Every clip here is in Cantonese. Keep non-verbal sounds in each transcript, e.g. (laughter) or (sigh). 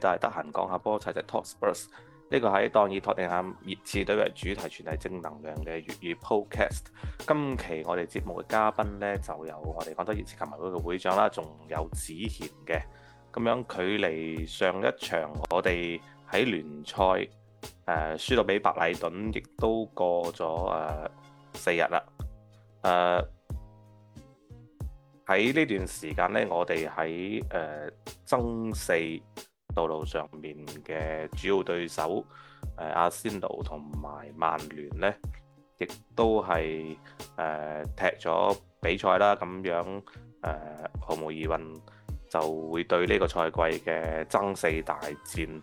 但係得閒講下波，齊齊 Talk Spurs 呢個喺當以托定咸熱刺隊為主題，全係正能量嘅粵語 podcast。今期我哋節目嘅嘉賓呢，就有我哋廣州熱刺球迷會嘅會長啦，仲有子賢嘅。咁樣距離上一場我哋喺聯賽誒、呃、輸到俾白禮頓，亦都過咗誒、呃、四日啦。誒喺呢段時間呢，我哋喺誒爭四道路上面嘅主要對手阿仙奴同埋曼聯呢，亦都係誒、呃、踢咗比賽啦，咁樣、呃、毫無疑問就會對呢個賽季嘅爭四大戰誒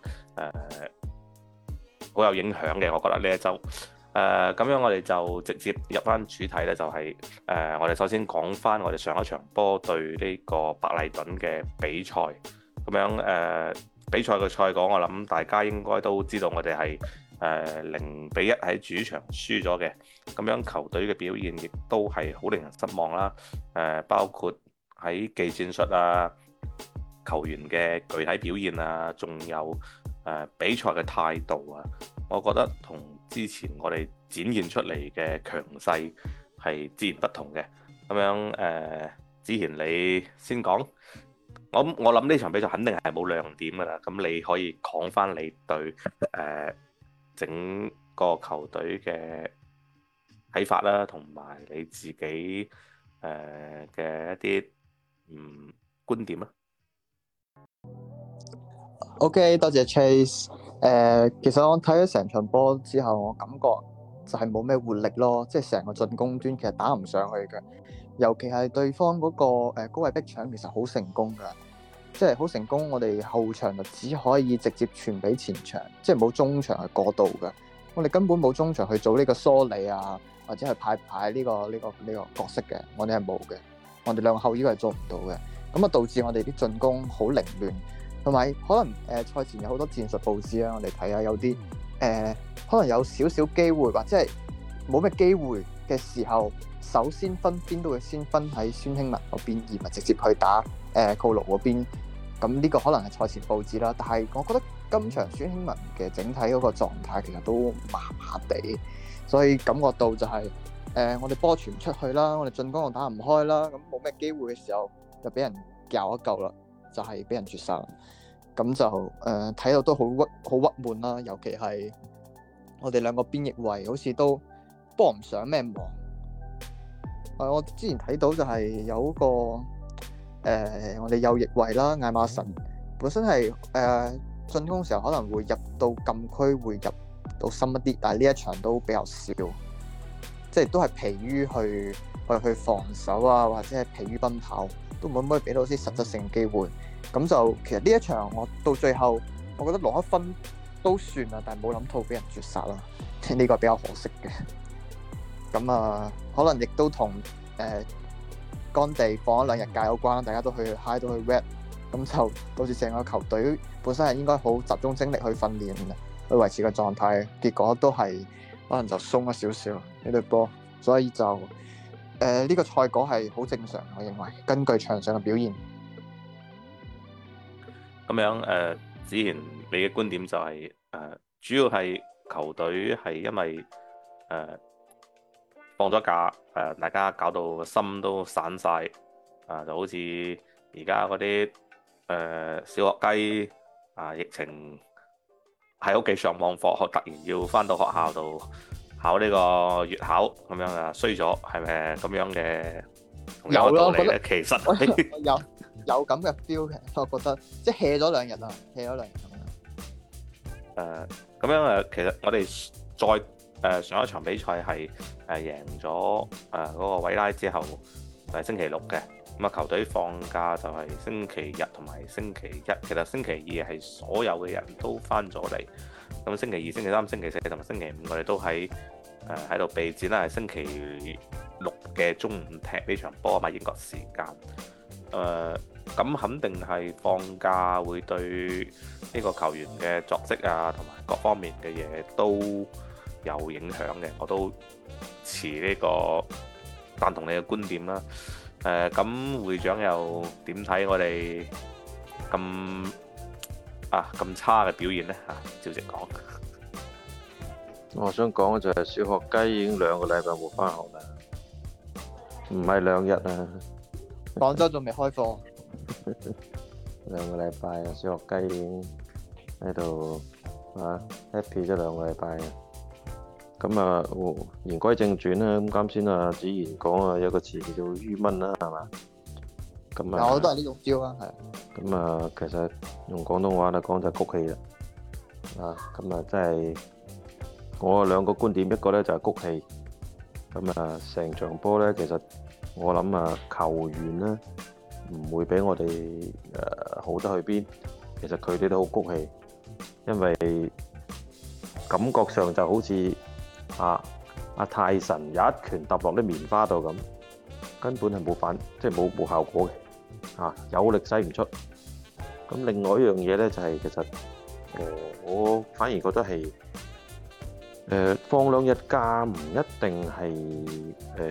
好、呃、有影響嘅。我覺得呢就誒咁樣，我哋就直接入翻主題咧，就係、是、誒、呃、我哋首先講翻我哋上一場波對呢個白禮頓嘅比賽，咁樣誒。呃比賽嘅賽果，我諗大家應該都知道，我哋係誒零比一喺主場輸咗嘅。咁樣球隊嘅表現亦都係好令人失望啦。誒，包括喺技戰術啊、球員嘅具體表現啊，仲有誒比賽嘅態度啊，我覺得同之前我哋展現出嚟嘅強勢係截然不同嘅。咁樣誒、呃，之前你先講。我我諗呢場比賽肯定係冇亮點噶啦，咁你可以講翻你對誒、呃、整個球隊嘅睇法啦，同埋你自己誒嘅、呃、一啲唔、嗯、觀點啊。OK，多謝 Chase。誒，其實我睇咗成場波之後，我感覺就係冇咩活力咯，即係成個進攻端其實打唔上去嘅，尤其係對方嗰個誒高位逼搶，其實好成功噶。即係好成功，我哋後場就只可以直接傳俾前場，即係冇中場係過渡嘅。我哋根本冇中場去做呢個梳理啊，或者係派派呢、呢個呢、呢個呢、呢個角色嘅，我哋係冇嘅。我哋兩個後腰個係做唔到嘅，咁啊導致我哋啲進攻好凌亂，同埋可能誒、呃、賽前有好多戰術佈置啊，我哋睇下有啲誒、呃、可能有少少機會，或者係冇咩機會嘅時候，首先分邊都會先分喺孫興慜嗰邊，而唔係直接去打。誒高路嗰邊，咁呢個可能係賽前佈置啦。但係我覺得今場孫興文嘅整體嗰個狀態其實都麻麻地，所以感覺到就係、是、誒、呃、我哋波傳唔出去啦，我哋進攻又打唔開啦，咁冇咩機會嘅時候就俾人攪一嚿啦，就係、是、俾人絕殺。咁就誒睇到都好屈好屈悶啦，尤其係我哋兩個邊翼位好似都幫唔上咩忙。係、呃、我之前睇到就係有個。誒、呃，我哋右翼衛啦，艾馬臣本身係誒、呃、進攻嘅時候可能會入到禁區，會入到深一啲，但係呢一場都比較少，即係都係疲於去去去防守啊，或者係疲於奔跑，都唔會俾到啲實質性機會。咁就其實呢一場我到最後，我覺得攞一分都算啦，但係冇諗到俾人絕殺啦，呢、這個比較可惜嘅。咁啊、呃，可能亦都同誒。呃乾地放咗兩日假有關啦，大家都去 high 到去 wet，咁就導致成個球隊本身係應該好集中精力去訓練，去維持個狀態，結果都係可能就鬆咗少少呢隊波，所以就誒呢、呃呢個賽果係好正常，我認為根據場上嘅表現。咁樣誒、呃，之前你嘅觀點就係、是、誒、呃，主要係球隊係因為誒。呃放咗假，誒、呃，大家搞到心都散晒，啊、呃，就好似而家嗰啲誒小學雞啊、呃，疫情喺屋企上網課，學突然要翻到學校度考呢個月考咁樣啊，衰咗，係咪咁樣嘅？有啦，覺得其實有有咁嘅 feel 嘅，我覺得即係歇咗兩日啦，歇咗兩日咁樣。誒，咁樣誒，其實我哋再。誒上一場比賽係誒贏咗誒嗰個韋拉之後，就係、是、星期六嘅咁啊。球隊放假就係星期日同埋星期一。其實星期二係所有嘅人都翻咗嚟。咁星期二、星期三、星期四同埋星期五的，我哋都喺誒喺度備戰啦。係星期六嘅中午踢呢場波啊嘛，英國時間誒咁、呃、肯定係放假會對呢個球員嘅作息啊同埋各方面嘅嘢都有影響嘅，我都持呢個贊同你嘅觀點啦。誒、呃，咁會長又點睇我哋咁啊咁差嘅表現咧？嚇，照直講，我想講嘅就係小學雞已經兩個禮拜冇翻學啦，唔係兩日啊。廣州仲未開課 (laughs) 兩個禮拜啊！小學雞已經喺度啊，happy 咗兩個禮拜啊！咁啊，言歸正傳啦。咁啱先啊，子賢講啊，有個詞叫鬱悶啦，係嘛？咁啊，我都係呢種招啦，係。咁啊，其實用廣東話嚟講就係谷氣啦。啊，咁啊，真係我兩個觀點，一個咧就係谷氣。咁啊，成場波咧，其實我諗啊，球員咧唔會比我哋誒好得去邊。其實佢哋都好谷氣，因為感覺上就好似。啊！阿泰神有一拳揼落啲棉花度咁，根本係冇反，即係冇冇效果嘅。啊，有力使唔出。咁另外一樣嘢咧，就係其實我反而覺得係誒、呃、放兩日假，唔一定係誒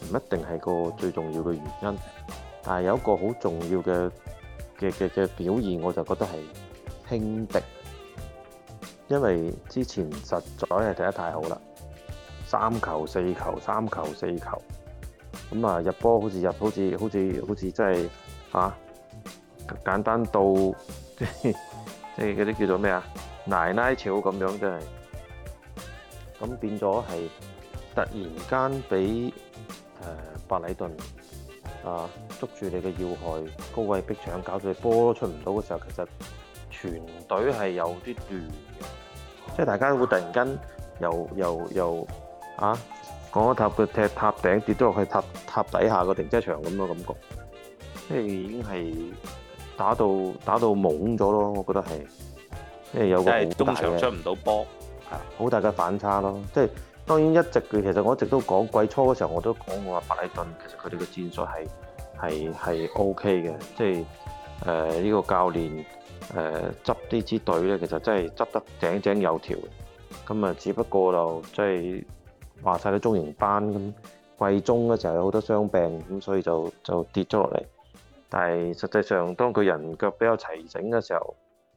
唔一定係個最重要嘅原因。但係有一個好重要嘅嘅嘅嘅表現，我就覺得係輕敵。因為之前實在係踢得太好啦，三球四球三球四球咁啊，入波好似入好似好似好似真係啊，簡單到即係嗰啲叫做咩啊奶奶潮咁樣真係咁變咗係突然間俾誒、呃、百里頓啊捉住你嘅要害高位逼搶，搞到你波出唔到嘅時候，其實全隊係有啲亂。即係大家會突然間又又又啊，講一塔嘅踢塔頂跌咗落去塔塔底下個停車場咁嘅感覺，即係已經係打到打到懵咗咯，我覺得係，即係有個好大嘅。中場出唔到波，好大嘅反差咯。即係當然一直佢其實我一直都講季初嗰時候我都講過話，白禮頓其實佢哋嘅戰術係係係 O K 嘅，即係誒呢個教練。誒，執、呃、呢支隊咧，其實真係執得井井有條，咁啊，只不過就即係話晒啲中型班咁，季中嘅時候有好多傷病，咁所以就就跌咗落嚟，但係實際上，當佢人腳比較齊整嘅時候，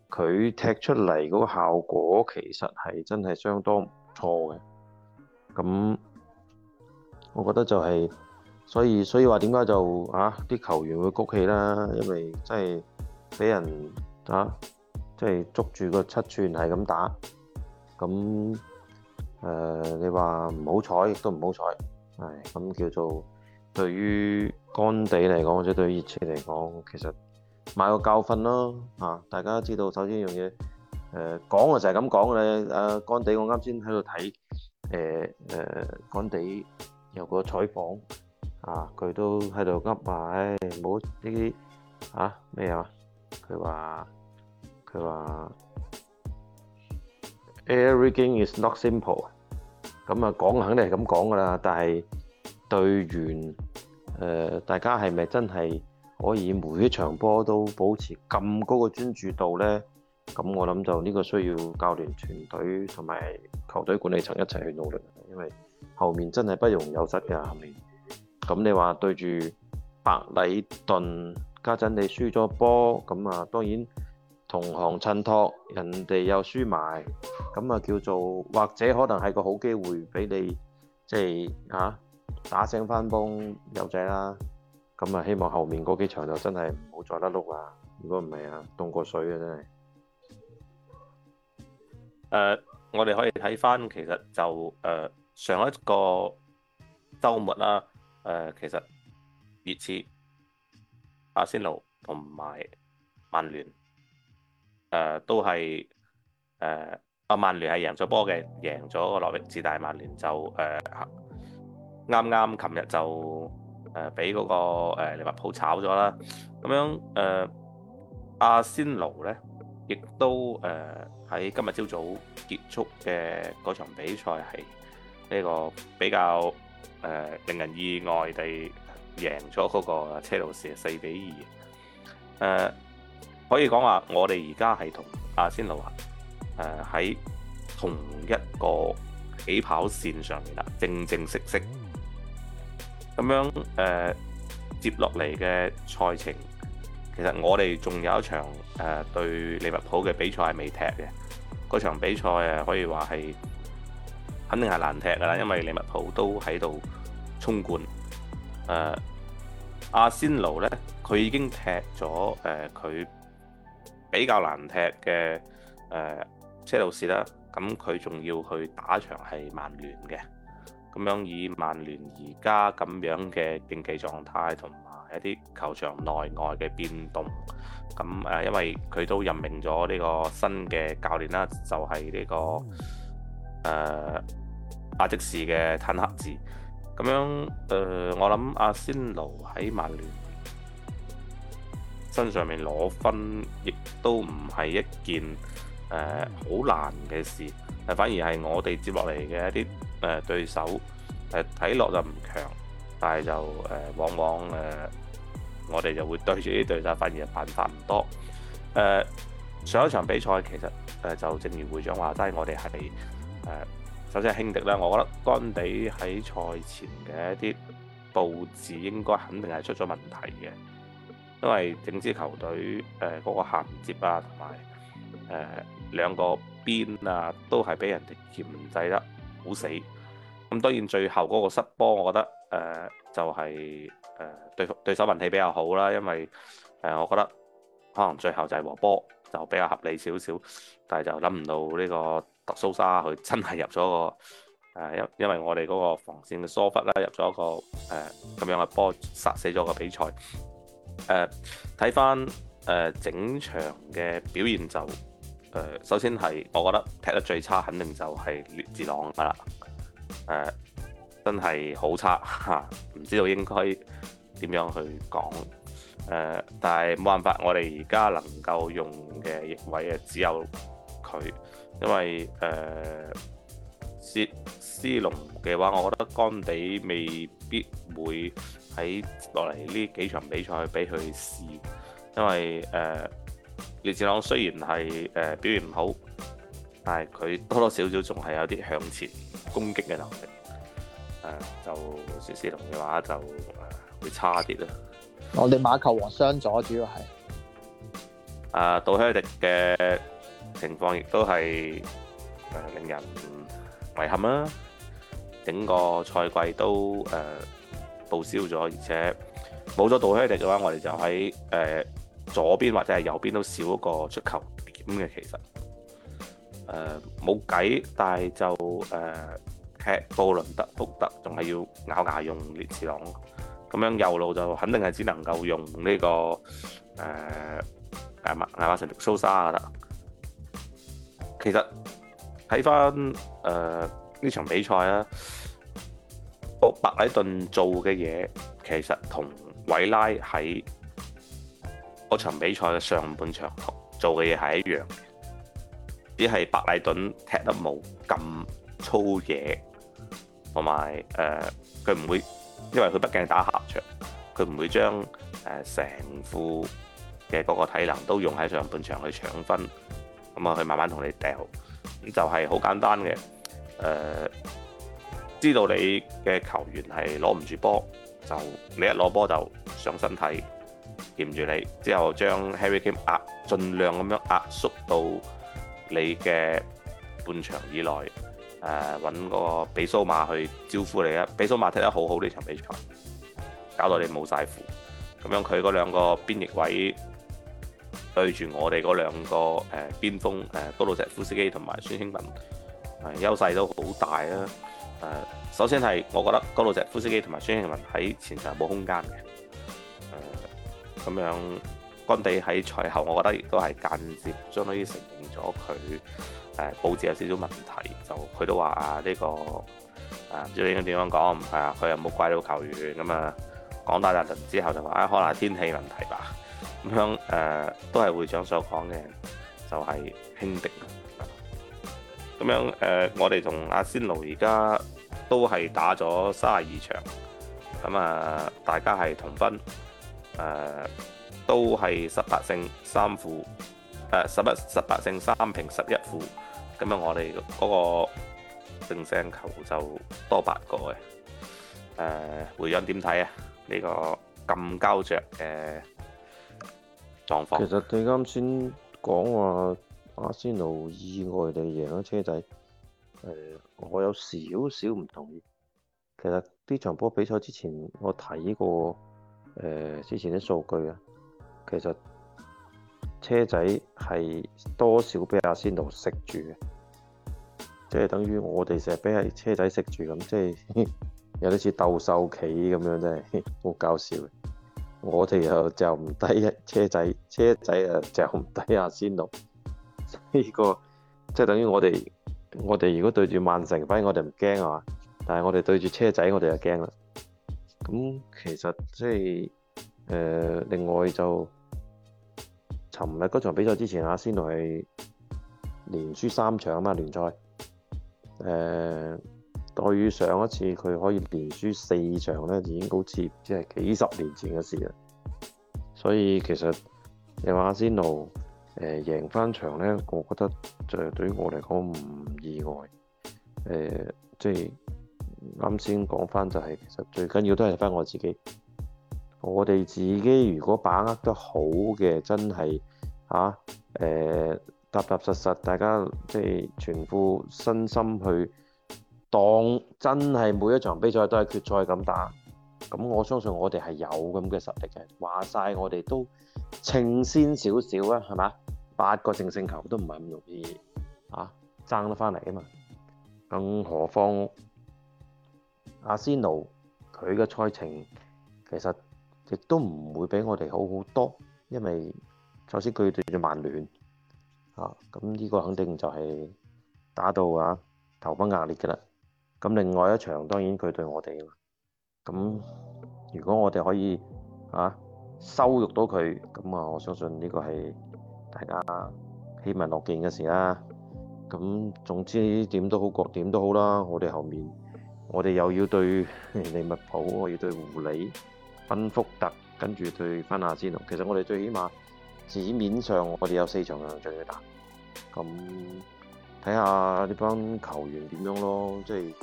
佢踢出嚟嗰個效果，其實係真係相當唔錯嘅。咁，我覺得就係、是，所以所以話點解就啊啲球員會谷氣啦，因為真係俾人。啊，即係捉住個七寸係咁打，咁誒、呃，你話唔好彩亦都唔好彩，係咁叫做對於干地嚟講或者對熱車嚟講，其實買個教訓咯、啊，大家知道，首先一樣嘢誒講嘅就係咁講嘅咧。干、呃啊、地我在這裡看，我啱先喺度睇誒誒干地有個採訪，啊，佢都喺度噏話，唉、哎，冇呢啲啊咩啊，佢話、啊。佢話：everything is not simple。咁啊，講肯定係咁講㗎啦。但係隊員誒，大家係咪真係可以每一場波都保持咁高嘅專注度咧？咁我諗就呢個需要教練、團隊同埋球隊管理層一齊去努力，因為後面真係不容有失㗎。後面咁你話對住白禮頓，家陣你輸咗波，咁啊當然。同行襯托，人哋又輸埋，咁啊叫做或者可能係個好機會俾你，即係嚇打聲翻幫友仔啦。咁啊，就希望後面嗰幾場就真係唔好再甩碌啦。如果唔係啊，凍過水啊真係。誒，uh, 我哋可以睇翻其實就誒、uh, 上一個周末啦。誒、uh，其實熱刺、阿仙奴同埋曼聯，誒都係誒，阿曼聯係贏咗波嘅，贏咗個諾域治，曼聯就誒啱啱，琴日就誒俾嗰個誒利物浦炒咗啦。咁樣誒，阿仙奴咧亦都誒喺今日朝早結束嘅嗰場比賽係呢個比較誒令人意外地贏咗嗰個車路士四比二誒。可以講話，我哋而家係同阿仙奴啊，喺同一個起跑線上面啦，正正式式。咁樣誒、呃，接落嚟嘅賽程，其實我哋仲有一場誒、呃、對利物浦嘅比賽係未踢嘅，嗰場比賽誒可以話係肯定係難踢噶啦，因為利物浦都喺度衝冠，誒、呃、阿仙奴呢，佢已經踢咗誒佢。呃比較難踢嘅誒、呃、車路士啦，咁佢仲要去打場係曼聯嘅，咁樣以曼聯而家咁樣嘅競技狀態同埋一啲球場內外嘅變動，咁誒、呃、因為佢都任命咗呢個新嘅教練啦，就係、是、呢、這個誒阿積士嘅坦克字。咁樣誒、呃、我諗阿仙奴喺曼聯身上面攞分亦都唔係一件誒好、呃、難嘅事，係反而係我哋接落嚟嘅一啲誒對手，係睇落就唔強，但係就誒、呃、往往誒、呃、我哋就會對住啲對手，反而辦法唔多。誒、呃、上一場比賽其實誒就正如會長話齋，係我哋係誒首先係輕敵啦，我覺得干地喺賽前嘅一啲布置應該肯定係出咗問題嘅。因為整支球隊誒嗰、呃、個銜接啊，同埋誒兩個邊啊，都係俾人哋鉗制得好死。咁當然最後嗰個失波，我覺得誒、呃、就係、是、誒、呃、對對手運氣比較好啦。因為誒、呃、我覺得可能最後就係和波就比較合理少少，但係就諗唔到呢個特蘇沙佢真係入咗個誒，因、呃、因為我哋嗰個防線嘅疏忽啦，入咗一個咁、呃、樣嘅波，殺死咗個比賽。誒睇翻誒整場嘅表現就誒、呃，首先係我覺得踢得最差，肯定就係列治朗㗎喇。誒、呃、真係好差吓，唔知道應該點樣去講。誒、呃、但係冇辦法，我哋而家能夠用嘅翼位嘅只有佢，因為誒薛斯隆嘅話，我覺得乾地未必會喺接落嚟呢幾場比賽俾佢試，因為誒列治朗雖然係誒、呃、表現唔好，但係佢多多少少仲係有啲向前攻擊嘅能力。誒、呃、就薛斯隆嘅話就會差啲咯。我哋馬球王傷咗，主要係誒、呃、杜希迪嘅情況亦都係誒令人遺憾啊！整個賽季都誒、呃、報銷咗，而且冇咗杜亨迪嘅話，我哋就喺、呃、左邊或者係右邊都少一個出球點嘅。其實誒冇計，但係就誒踢、呃、布倫特福特，仲係要咬牙用列治朗。咁樣右路就肯定係只能夠用呢、這個誒誒、呃、馬艾馬臣迪蘇沙得其實睇翻誒。看看呃呢場比賽啦，白禮頓做嘅嘢其實同偉拉喺嗰場比賽嘅上半場做嘅嘢係一樣嘅，只係白禮頓踢得冇咁粗野，同埋誒佢唔會因為佢畢竟打客場，佢唔會將誒成副嘅嗰個體能都用喺上半場去搶分，咁啊去慢慢同你掉咁就係、是、好簡單嘅。誒、呃、知道你嘅球員係攞唔住波，就你一攞波就上身體，攔住你之後將 Harry Kane 壓，盡量咁樣壓縮到你嘅半場以內。誒、呃、揾個比蘇馬去招呼你啊！比蘇馬踢得好好呢場比賽，搞到你冇晒符。咁樣佢嗰兩個邊翼位對住我哋嗰兩個誒、呃、邊鋒、呃、高盧石夫斯基同埋孫興慜。優優勢都好大啦、啊！首先係我覺得高老席夫斯基同埋孫興慜喺前場冇空間嘅。咁、呃、樣乾地喺賽後我覺得亦都係間接，相當於承認咗佢誒佈置有少少問題。就佢都話啊呢個誒，唔知你應該點樣講，係啊，佢又冇怪到球員咁啊，講大陣之後就話、啊、可能係天氣問題吧。咁樣誒、呃，都係會長所講嘅，就係輕敵。咁樣誒、呃，我哋同阿仙奴而家都係打咗卅二場，咁啊、呃，大家係同分誒、呃，都係十八勝三負誒，十一十八勝三平十一負，咁、呃、樣我哋嗰個正勝球就多八個嘅誒，會長點睇啊？呢這個咁膠着嘅狀況。其實你啱先講話。阿仙奴意外地贏咗車仔。誒、呃，我有少少唔同意。其實呢場波比賽之前，我睇過誒、呃、之前啲數據啊。其實車仔係多少俾阿仙奴食住嘅，即係等於我哋成日俾車仔食住咁，即係有啲似鬥獸棋咁樣，真係好搞笑。我哋又就唔低車仔，車仔啊就唔低阿仙奴。呢、這個即係等於我哋，我哋如果對住曼城，反而我哋唔驚啊。但係我哋對住車仔我哋，我哋就驚啦。咁其實即係、呃、另外就尋日嗰場比賽之前，阿仙奴係連輸三場啊嘛，聯賽。誒、呃，對上一次佢可以連輸四場呢，已經好似即係幾十年前嘅事啦。所以其實你話阿仙奴，誒、呃、贏翻場咧，我覺得就對於我嚟講唔意外。誒即係啱先講翻就係、是就是，其實最緊要都係翻我自己。我哋自己如果把握得好嘅，真係嚇誒踏踏實實，大家即係、就是、全副身心去當真係每一場比賽都係決賽咁打。咁我相信我哋係有咁嘅實力嘅。話晒我哋都。稱先少少啊，係嘛？八個淨勝球都唔係咁容易啊，爭得翻嚟啊嘛！更何況阿仙奴佢嘅賽程其實亦都唔會比我哋好好多，因為首先佢對住曼聯啊，咁呢個肯定就係打到啊，頭崩額裂噶啦！咁另外一場當然佢對我哋啊嘛，咁如果我哋可以啊。羞辱到佢，咁啊，我相信呢個係大家喜聞樂見嘅事啦、啊。咁總之點都好過點都好啦。我哋後面，我哋又要對利物浦，我要對狐狸、賓福特，跟住對翻阿仙奴。其實我哋最起碼紙面上，我哋有四場硬仗要打。咁睇下呢班球員點樣咯。即係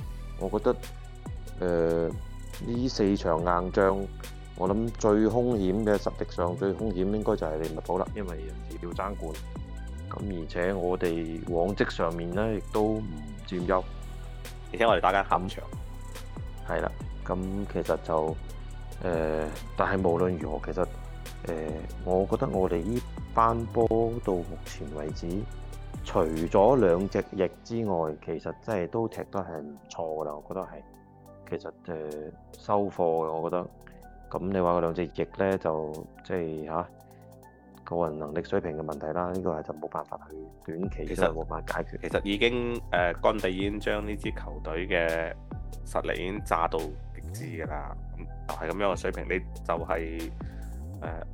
我覺得，誒、呃、呢四場硬仗。我諗最凶險嘅，實際上最凶險應該就係利物浦啦，因為人哋要爭冠。咁而且我哋往績上面咧，亦都唔佔優。而且我哋大家喊場，係啦。咁其實就誒、呃，但係無論如何，其實誒、呃，我覺得我哋呢班波到目前為止，除咗兩隻翼之外，其實真係都踢得係唔錯噶啦。我覺得係，其實誒、呃、收貨嘅，我覺得。咁你話嗰兩隻翼咧，就即係吓，個人能力水平嘅問題啦。呢個係就冇辦法去短期其實冇辦法解決。其實已經誒，甘、呃、蒂已經將呢支球隊嘅實力已經炸到極致㗎啦，就係、是、咁樣嘅水平。你就係、是、誒、呃、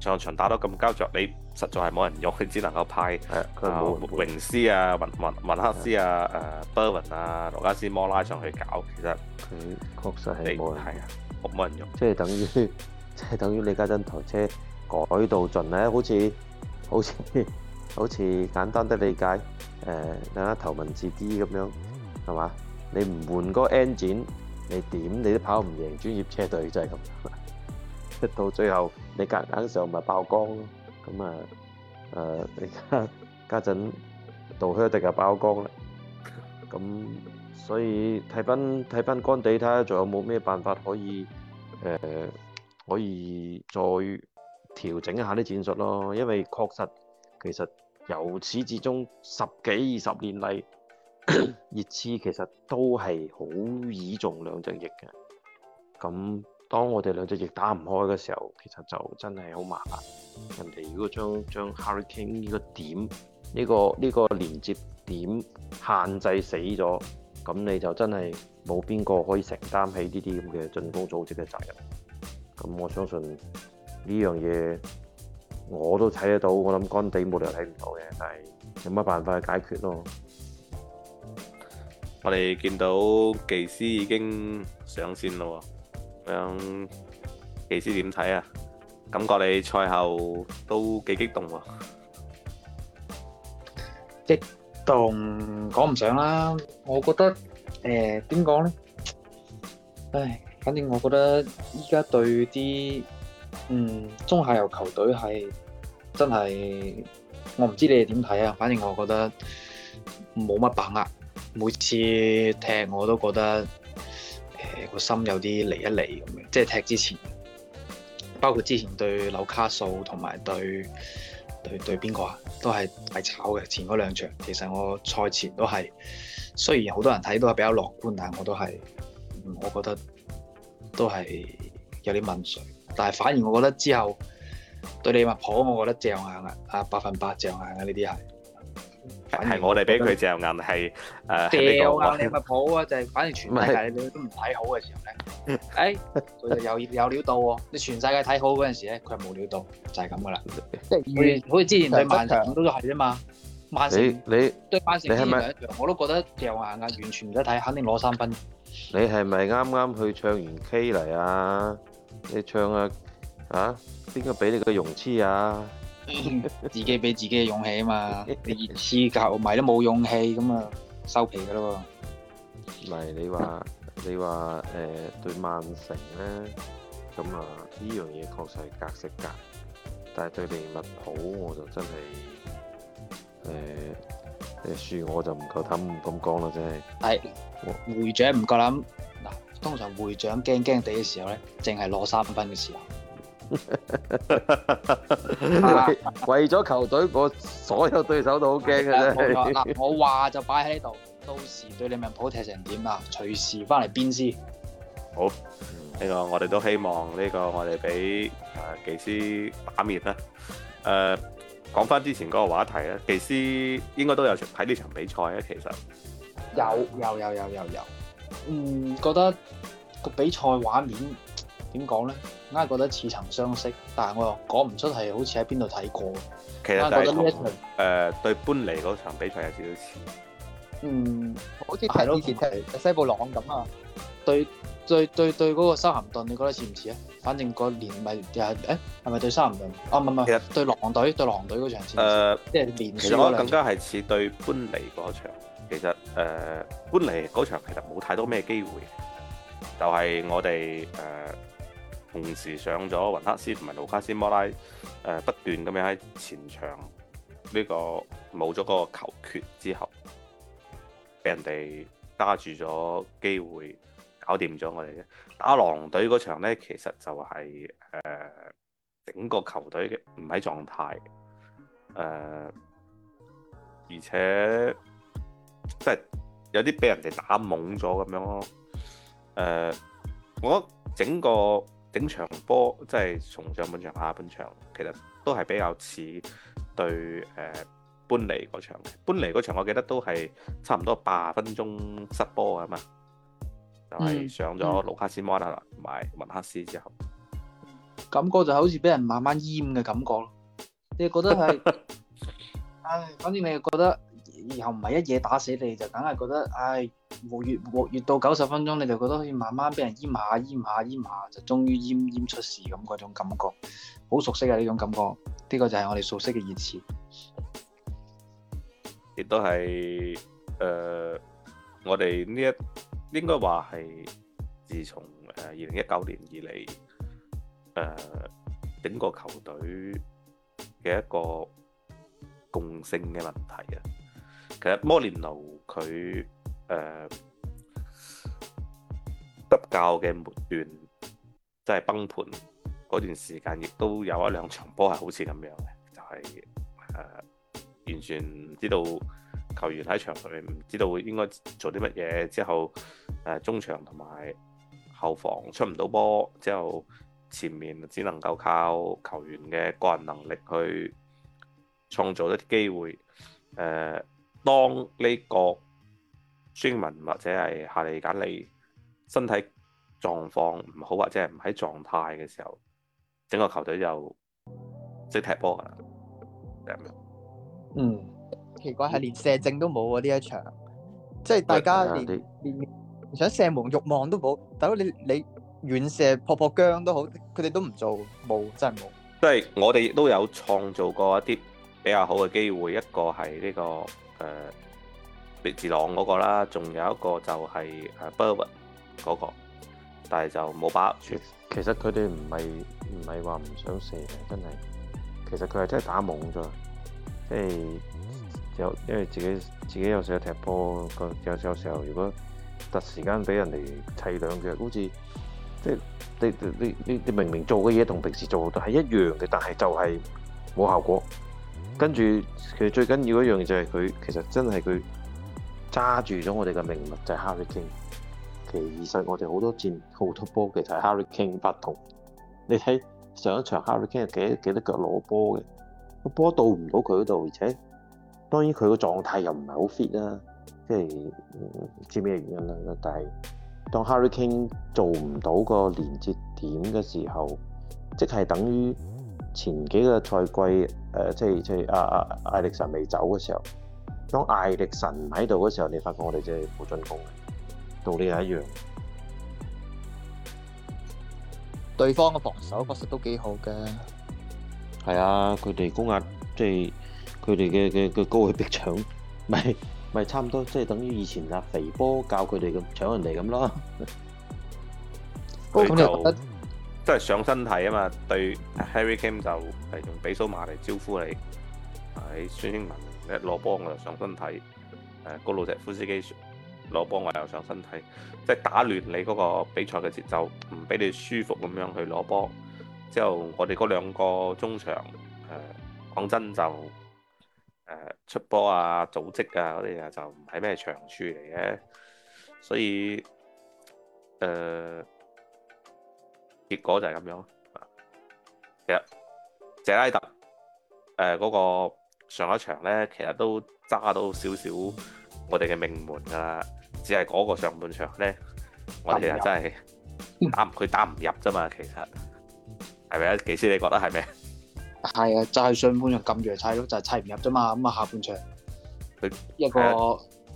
上場打到咁膠著，你實在係冇人喐，你只能夠派佢冇、呃、榮斯啊、文文文克斯啊、誒的、呃、Bergwijn 啊、羅加斯摩拉上去搞。其實佢確實係冇係啊。冇乜人用，即係等於，即係等於你家陣台車改到盡咧，好似，好似，好似簡單的理解，誒，等下頭文字 D 咁樣，係嘛？你唔換嗰個 engine，你點你都跑唔贏專業車隊，就係咁。一到最後你夾硬上咪爆缸咯，咁啊，誒，你家家陣杜靴迪又爆缸啦，咁。所以睇翻睇翻干地睇下，仲有冇咩辦法可以？誒、呃、可以再調整一下啲戰術咯。因為確實其實由始至終十幾二十年嚟 (coughs) 熱刺其實都係好倚重兩隻翼嘅。咁當我哋兩隻翼打唔開嘅時候，其實就真係好麻煩。人哋如果將將 Harry Kane 呢個點呢、呢個呢、呢個連接點限制死咗。咁你就真係冇邊個可以承擔起呢啲咁嘅進攻組織嘅責任。咁我相信呢樣嘢我都睇得到，我諗乾地冇理由睇唔到嘅，但係有乜辦法去解決咯？我哋見到技師已經上線啦喎，咁樣技師點睇啊？感覺你賽後都幾激動啊！即。都講唔上啦，我覺得誒，點講呢？唉，反正我覺得依家對啲嗯中下游球隊係真係，我唔知你哋點睇啊。反正我覺得冇乜把握，每次踢我都覺得誒個，呃，心有啲嚟一嚟咁樣，即係踢之前，包括之前對紐卡素同埋對。對對邊個啊？都係大炒嘅。前嗰兩場，其實我賽前都係，雖然好多人睇都係比較樂觀，但係我都係，我覺得都係有啲問水。但係反而我覺得之後對利物浦，我覺得正硬啊，啊百分百正硬啊呢啲係。係我哋俾佢嚼硬。係誒有啊！利物浦啊，就係反正全世界你都唔睇好嘅時候咧，誒不是，佢、 (laughs) 哎、就有有料到喎！你全世界睇好嗰陣時咧，佢冇料到，就係咁噶啦。即係你，好似之前對曼城都都係啊嘛，曼城你你對曼城都一樣。是是我都覺得嚼硬硬，完全唔使睇，肯定攞三分。你係咪啱啱去唱完 K 嚟啊？你唱啊？啊？邊個俾你嘅勇氣啊？ (laughs) 自己俾自己嘅勇氣啊嘛，你熱刺球迷都冇勇氣咁啊，收皮噶咯。唔係你話你話誒、呃、對曼城咧，咁啊呢樣嘢確實係格式格，但係對利物浦我就真係誒，輸、呃、我就唔夠膽咁講啦，真係對。係我會長唔夠膽嗱，通常會長驚驚地嘅時候咧，淨係攞三分嘅時候。 (laughs) 為咗球隊，我所有對手都好驚嘅啫。冇錯， (laughs) 嗱、 (laughs) 啊啊，我話就擺喺呢度， (laughs) 到時對你名普踢成點啊，隨時翻嚟鞭屍。C、好，呢個我哋都希望呢、這個我哋俾誒技師打滅啦。誒、啊，講翻之前嗰個話題咧，技師應該都有睇呢場比賽啊，其實有，有，有，有，有，有，有。嗯，覺得個比賽畫面點講咧？啱覺得似曾相識，但係我又講唔出係好似喺邊度睇過。其實就係誒、呃、對班尼嗰場比賽有少少似。嗯，好似係咯，嗯、以前踢西布朗咁啊，對對對對嗰個修咸頓，你覺得似唔似啊？反正個年咪又係誒，係、欸、咪對修咸頓？哦、啊，唔係唔係，其實對狼隊對狼隊嗰場似。誒、呃，即係連上兩場。我更加係似對班尼嗰場。其實誒，班尼嗰場其實冇太多咩機會，就係、是、我哋誒。呃同時上咗雲克斯，同埋盧卡斯摩拉，誒、呃、不斷咁樣喺前場呢、這個冇咗嗰個球權之後，俾人哋揸住咗機會，搞掂咗我哋咧。打狼隊嗰場咧，其實就係、是、誒、呃、整個球隊嘅唔喺狀態，誒、呃、而且即係有啲俾人哋打懵咗咁樣咯。誒、呃，我整個。整場波即係從上半場下半場，其實都係比較似對誒搬離嗰場。搬離嗰場我記得都係差唔多八分鐘失波啊嘛，就係上咗盧卡斯摩拉同埋文克斯之後，感覺就好似俾人慢慢淹嘅感覺咯。你覺得係？唉，反正你覺得以後唔係一嘢打死你，就梗係覺得唉。越活越到九十分鐘，你就覺得好似慢慢俾人淹下、淹下、淹下，就終於淹淹出事咁嗰種感覺，好熟悉嘅，呢種感覺，呢、呢個就係我哋熟悉嘅熱刺，亦都係誒、呃、我哋呢一應該話係自從誒二零一九年以嚟誒整個球隊嘅一個共性嘅問題啊！其實摩連奴佢，誒執教嘅末段即係崩盤嗰段時間，亦都有一兩場波係好似咁樣嘅，就係誒完全唔知道球員喺場上面唔知道應該做啲乜嘢，之後誒中場同埋後防出唔到波，之後前面只能夠靠球員嘅個人能力去創造一啲機會。誒，當呢個專文或者係下你揀你身體狀況唔好或者係唔喺狀態嘅時候，整個球隊就識踢波噶啦。係咪？嗯，奇怪，係連射正都冇喎呢一場，即係、嗯、大家連、嗯、連想射門慾望都冇。大佬你你遠射破破僵都好，佢哋都唔做，冇真係冇。即係我哋都有創造過一啲比較好嘅機會，一個係呢、呢個誒。呃別字朗嗰個啦，仲有一個就係誒 Bergwijn 嗰個，但係就冇把握住。其實佢哋唔係唔係話唔想射嘅，真係其實佢係真係打懵咗，即係有因為自己自己有時候踢波個有時有時候，如果突時間俾人哋砌兩腳，好似即係你你你你明明做嘅嘢同平時做都係一樣嘅，但係就係冇效果。跟住其實最緊要一樣嘢就係佢其實真係佢。揸住咗我哋嘅命脈就係、是、Harry Kane。其實我哋好多戰好多波其實係 Harry Kane 不同。你睇上一場 Harry Kane 幾多幾多腳攞波嘅，個波到唔到佢嗰度？而且當然佢個狀態又唔係好 fit 啦，即係唔知咩原因啦。但係當 Harry Kane 做唔到個連接點嘅時候，即係等於前幾個賽季誒、呃，即係即係阿阿 Eriksen 未走嘅時候。當艾力神喺度嗰時候，你發覺我哋真係好進攻道理係一樣。對方嘅防守確實都幾好嘅。係啊，佢哋、就係、高壓，即係佢哋嘅嘅嘅高位逼搶，咪咪差唔多，即、就、係、係、等於以前阿肥波教佢哋咁搶人哋咁咯。佢 (laughs) 就即係、嗯、上身體啊嘛，對 Harry Kane 就係用比蘇馬嚟招呼你，喺孫興文，一攞波我又上身體，誒，高盧石夫斯基攞波我又上身體，即係打亂你嗰個比賽嘅節奏，唔俾你舒服咁樣去攞波。之後我哋嗰兩個中場，誒，講真就，誒，出波啊，組織啊，嗰啲嘢就唔係咩長處嚟嘅，所以，誒，結果就係咁樣。其實，謝拉特，誒，嗰個。上一場咧，其實都揸到少少我哋嘅命門㗎啦，只係嗰個上半場咧，我哋啊真係打佢打唔入啫嘛，其實係咪啊？技師你覺得係咩？係啊，就係上半場撳住嚟砌囉，就係砌唔入啫嘛。咁啊，下半場佢一個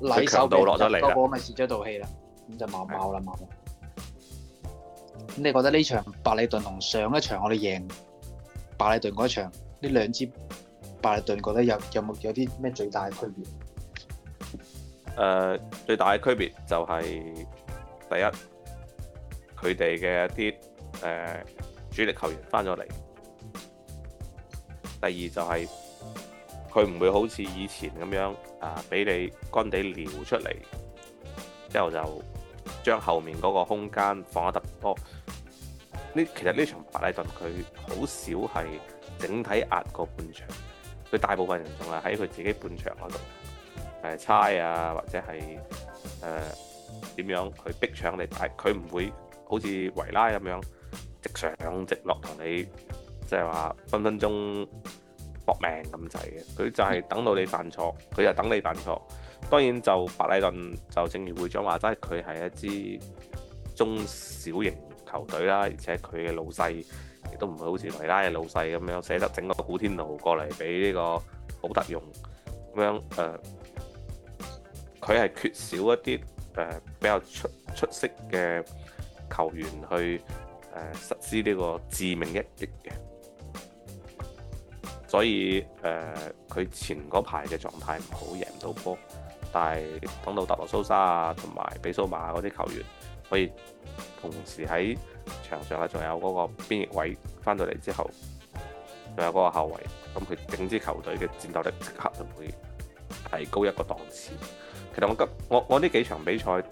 禮手俾人攞波，咪泄咗道氣啦。咁就冇冇啦，冇。咁你覺得呢場白禮頓同上一場我哋贏白禮頓嗰一場呢兩支白禮頓覺得有有冇有啲咩最大嘅區別？誒、呃，最大嘅區別就係、是、第一，佢哋嘅一啲誒、呃、主力球員翻咗嚟。第二就係佢唔會好似以前咁樣啊，俾你乾地撩出嚟，之後就將後面嗰個空間放得特多。呢其實呢場白禮頓佢好少係整體壓過半場。佢大部分人仲係喺佢自己半場嗰度，誒、呃、猜啊，或者係誒點樣去佢逼搶你，但係佢唔會好似維拉咁樣直上直落同你，即係話分分鐘搏命咁滯嘅。佢就係等到你犯錯，佢就等你犯錯。當然就白禮頓就正如會長話齋，佢係一支中小型球隊啦，而且佢嘅老細。亦都唔會好似維拉嘅老細咁樣，捨得整個古天奴過嚟俾呢個保德用。咁樣。誒、呃，佢係缺少一啲誒、呃、比較出出色嘅球員去誒、呃、實施呢個致命一擊嘅。所以誒，佢、呃、前嗰排嘅狀態唔好，贏唔到波。但係等到達羅蘇沙啊，同埋比蘇馬嗰啲球員可以同時喺場上啊，仲有嗰個邊翼位翻到嚟之後，仲有嗰個後衛，咁佢整支球隊嘅戰鬥力即刻就會提高一個檔次。其實我今我我呢幾場比賽誒，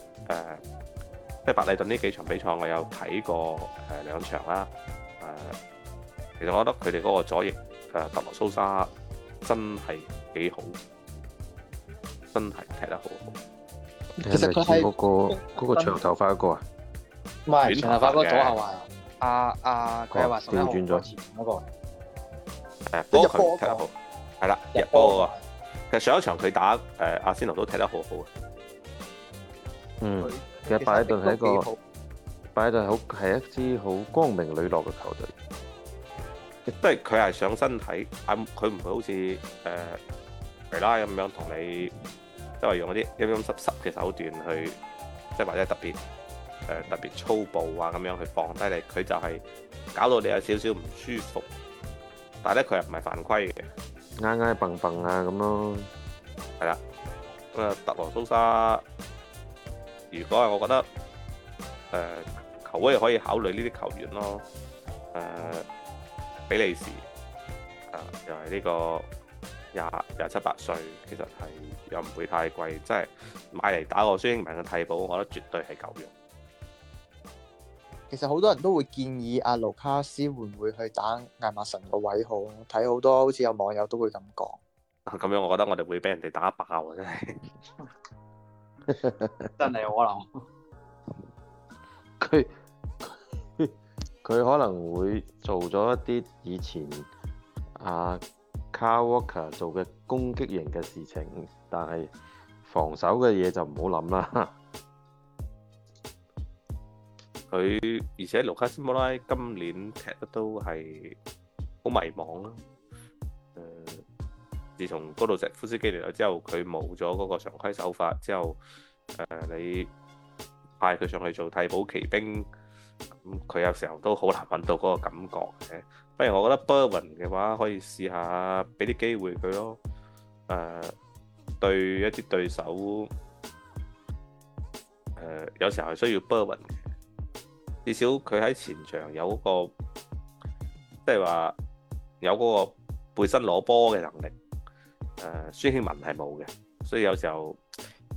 即係白禮頓呢幾場比賽，我有睇過誒兩、呃、場啦。誒、呃，其實我覺得佢哋嗰個左翼誒特羅蘇沙真係幾好，真係踢得好好。其實佢係嗰個嗰、嗰個長頭髮嗰個啊。唔係，轉頭發嗰個左下位，阿阿佢係話轉頭轉左前嗰、個，入波，佢、uh，波、踢得好，係啦入波、個喎。其實上一場佢打誒阿、啊、仙奴都踢得好好啊。嗯，其實白禮頓係一個白禮頓好係一支好光明磊落嘅球隊，亦都係佢係上身體，佢唔會好似誒皮拉咁樣同你即係、話、用嗰啲陰陰濕濕嘅手段去，即、就、係、是、或者特別。誒、呃、特別粗暴啊，咁樣去放低你，佢就係搞到你有少少唔舒服，但係咧佢又唔係犯規嘅，啱啱蹦蹦啊咁咯，係 (noise) 啦，咁、嗯、啊、嗯嗯嗯，特羅蘇沙，如果係我覺得誒、呃、球會可以考慮呢啲球員咯，誒、呃、比利時啊、呃，又係呢個廿廿七八歲，其實係又唔會太貴，即係買嚟打個孫興慜嘅替補，我覺得絕對係夠用。其實好多人都會建議阿盧卡斯會唔會去打艾馬臣個位號好，睇好多好似有網友都會咁講。咁樣我覺得我哋會俾人哋打爆啊！真係， (laughs) 真係可能。佢佢可能會做咗一啲以前阿卡、啊、Kyle Walker 做嘅攻擊型嘅事情，但係防守嘅嘢就唔好諗啦。佢而且盧卡斯摩拉今年踢得都係好迷茫咯。誒，自從嗰度石夫斯基嚟咗之後，佢冇咗嗰個常規手法之後，誒你派佢上去做替補奇兵，咁佢有時候都好難揾到嗰個感覺嘅。不如我覺得 Bergwijn 嘅話，可以試下俾啲機會佢咯。誒，對一啲對手，誒有時候係需要 Bergwijn 嘅。至少佢喺前場有嗰個，即係話有嗰個背身攞波嘅能力。誒、呃，孫興文係冇嘅，所以有時候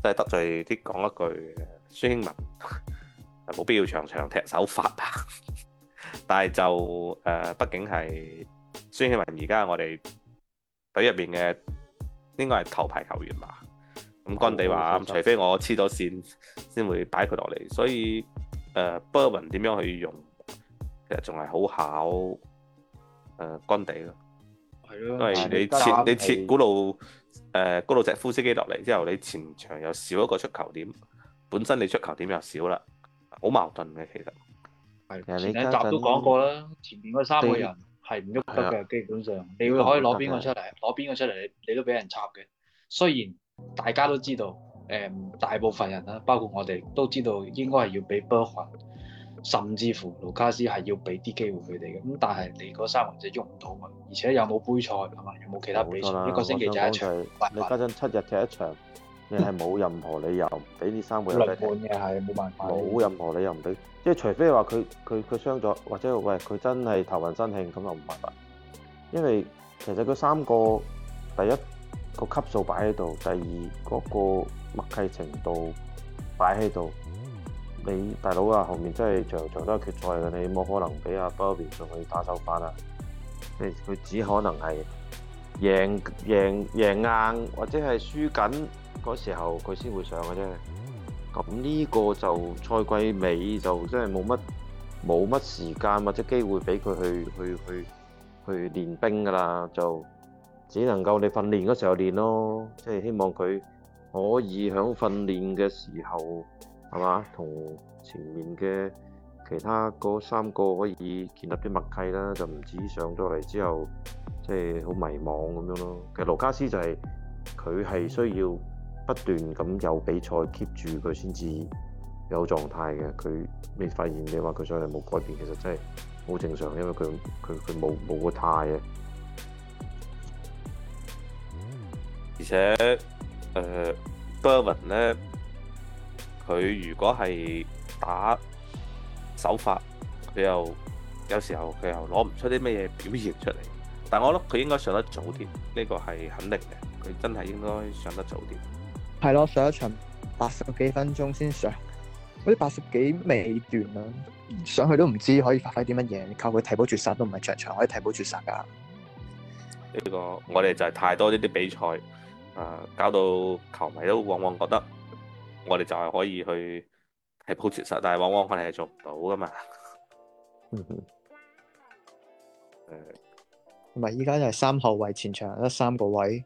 真係得罪啲講一句，孫興文冇必要場場踢手法啊。但係就誒、呃，畢竟係孫興文而家我哋隊入邊嘅應該係頭牌球員嘛。咁干地話，哦、除非我黐咗線先會擺佢落嚟，所以。誒、uh，Berwin 點樣去用，其實仲係好考誒根、呃、地咯。係咯的，因為你切你切嗰度誒嗰度隻呼吸機落嚟之後，你前場又少一個出球點，本身你出球點又少啦，好矛盾嘅其實。係，前一集都講過啦，前面嗰三個人係唔喐得嘅，的基本上你會可以攞邊個出嚟？攞邊個出嚟？你你都俾人插嘅。雖然大家都知道。誒、嗯、大部分人啦，包括我哋都知道應該係要俾 Bertrand 甚至乎盧卡斯係要俾啲機會佢哋嘅。咁但係你嗰三環仔喐唔到嘛，而且又冇杯賽啊嘛，又冇其他比賽，啦一個星期就一場。乖乖你家陣七日踢一場，你係冇任何理由唔俾呢三個人踢。聯冠嘅係冇辦法。冇任何理由唔俾，即係除非話佢佢佢傷咗，或者喂佢真係頭暈身興，咁就唔辦法。因為其實佢三個第一個級數擺喺度，第二嗰、那個。默契程度擺喺度，你大佬啊，後面真係場場都係決賽嘅，你冇可能俾阿 Bobby 上去打手板啊！即係佢只可能係贏贏贏硬，或者係輸緊嗰時候佢先會上嘅啫。咁呢個就賽季尾就真係冇乜冇乜時間或者機會俾佢去去去去練兵㗎啦，就只能夠你訓練嗰時候練咯，即係希望佢。可以喺訓練嘅時候，係嘛，同前面嘅其他嗰三個可以建立啲默契啦，就唔止上咗嚟之後，即係好迷惘咁樣咯。其實盧卡斯就係佢係需要不斷咁有比賽 keep 住佢先至有狀態嘅。佢未發現你話佢上嚟冇改變，其實真係好正常，因為佢佢佢冇冇個態啊。而且、嗯。誒 Burton 咧，佢、uh, 如果係打首發，佢又有時候佢又攞唔出啲咩嘢表現出嚟。但係我諗佢應該上得早啲，呢個係肯定嘅。佢真係應該上得早啲。係咯，上一場八十幾分鐘先上，嗰啲八十幾尾段啊，上去都唔知可以發揮啲乜嘢。你靠佢替補絕殺都唔係場場可以替補絕殺噶。呢、這個我哋就係太多呢啲比賽。誒、啊，搞到球迷都往往覺得，我哋就係可以去係鋪絕殺，但係往往我哋係做唔到噶嘛。嗯哼，誒、呃，同埋依家就係三後衛前場得三個位。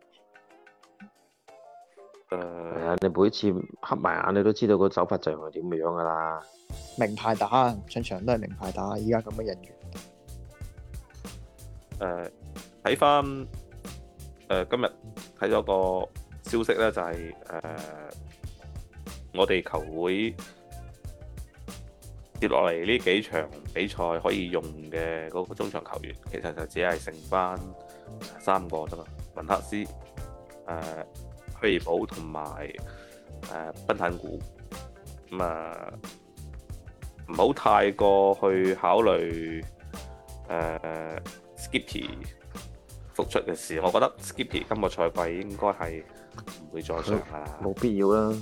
誒、呃，你每次黑埋眼，你都知道個手法就係點樣噶啦。名牌打上場都係名牌打，依家咁嘅人員。誒、呃，睇翻，誒、呃、今日。睇咗個消息咧，就係誒我哋球會接落嚟呢幾場比賽可以用嘅嗰個中場球員，其實就只係剩翻三個啫嘛，文克斯、誒虛爾堡同埋誒賓坦古咁啊，唔好太過去考慮 Skippy。復出嘅事，我覺得 Skipper 今個賽季應該係唔會再上噶啦。冇必要啦，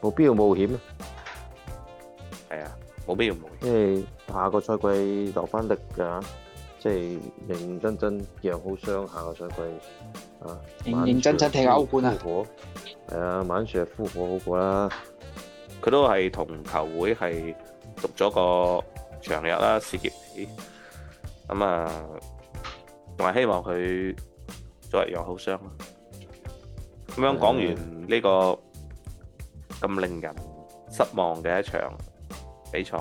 冇必要冒險。係啊，冇必要冒險。因為下個賽季留翻力㗎、啊，即係認認真真養好傷下個賽季啊！認認明真真睇下歐冠啊！係啊，晚切夫火好過啦。佢都係同球會係續咗個長約啦 Skipper 咁啊～同埋希望佢早日有好傷啊。咁樣講完呢個咁令人失望嘅一場比賽，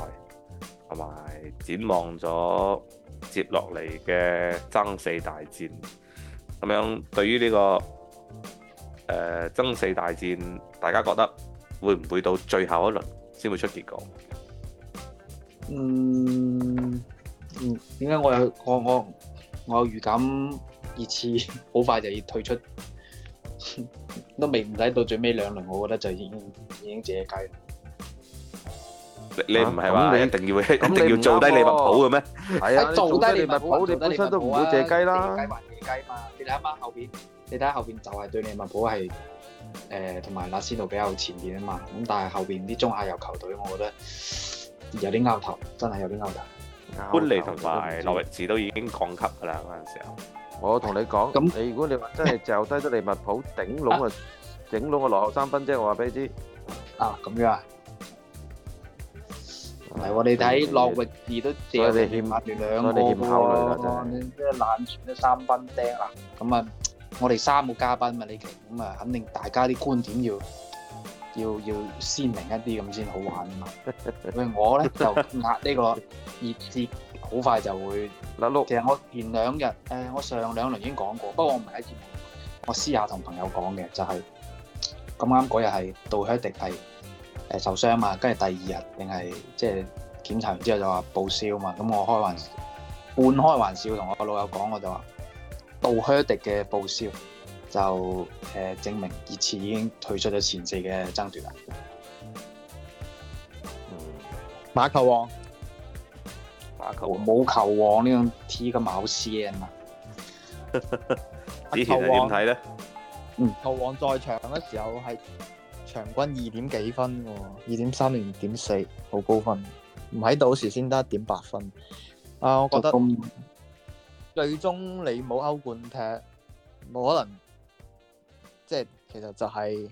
同埋展望咗接落嚟嘅爭四大戰，咁樣對於呢、這個誒、呃、爭四大戰，大家覺得會唔會到最後一輪先會出結果？嗯嗯，點解我又我我？我有預感，熱刺好快就要退出，都未唔使到最尾兩輪，我覺得就已經已經借雞。你你唔係咁，啊、你一定要你的一定要做低利物浦嘅咩？係啊，你做低利物浦，你本身都唔會借雞啦。你睇下後邊，你睇下後邊就係對利物浦係誒同埋拉斯諾比較前面啊嘛。咁但係後邊啲中下游球隊，我覺得有啲拗頭，真係有啲拗頭。般尼同埋諾域智都已經降級噶啦嗰陣時候，我同你講，咁你如果你話真係就低咗利物浦頂攏啊，頂攏個落後三分啫。我話俾你知啊，咁樣啊，係我哋睇諾域智都借咗，我哋欠埋住兩個，我哋欠後路啦真係，你即係攬住啲三分釘啊，咁啊，我哋三個嘉賓嘛呢期，咁啊，肯定大家啲觀點要。要要鮮明一啲咁先好玩嘛？喂， (laughs) 我咧就押呢個熱刺，好快就會甩碌。 (laughs) 其實我前兩日誒，我上兩輪已經講過，不過我唔係喺節目，我私下同朋友講嘅就係咁啱嗰日係杜靴迪係誒受傷嘛，跟住第二日定係即係檢查完之後就話報銷嘛，咁我開玩半開玩笑同我老友講，我就話杜靴迪嘅報銷。就誒、呃、證明熱刺已經退出咗前四嘅爭奪啦，嗯。馬球王，馬球王冇球王呢種 T 嘅貌相啊。阿 (laughs) 啊、球王點睇咧？嗯，球王在場嘅時候係場均二點幾分喎，哦，二點三零點四，好高分。唔喺到時先得一點八分。啊，我覺得麼最終你冇歐冠踢，冇可能。即係其實就係、是，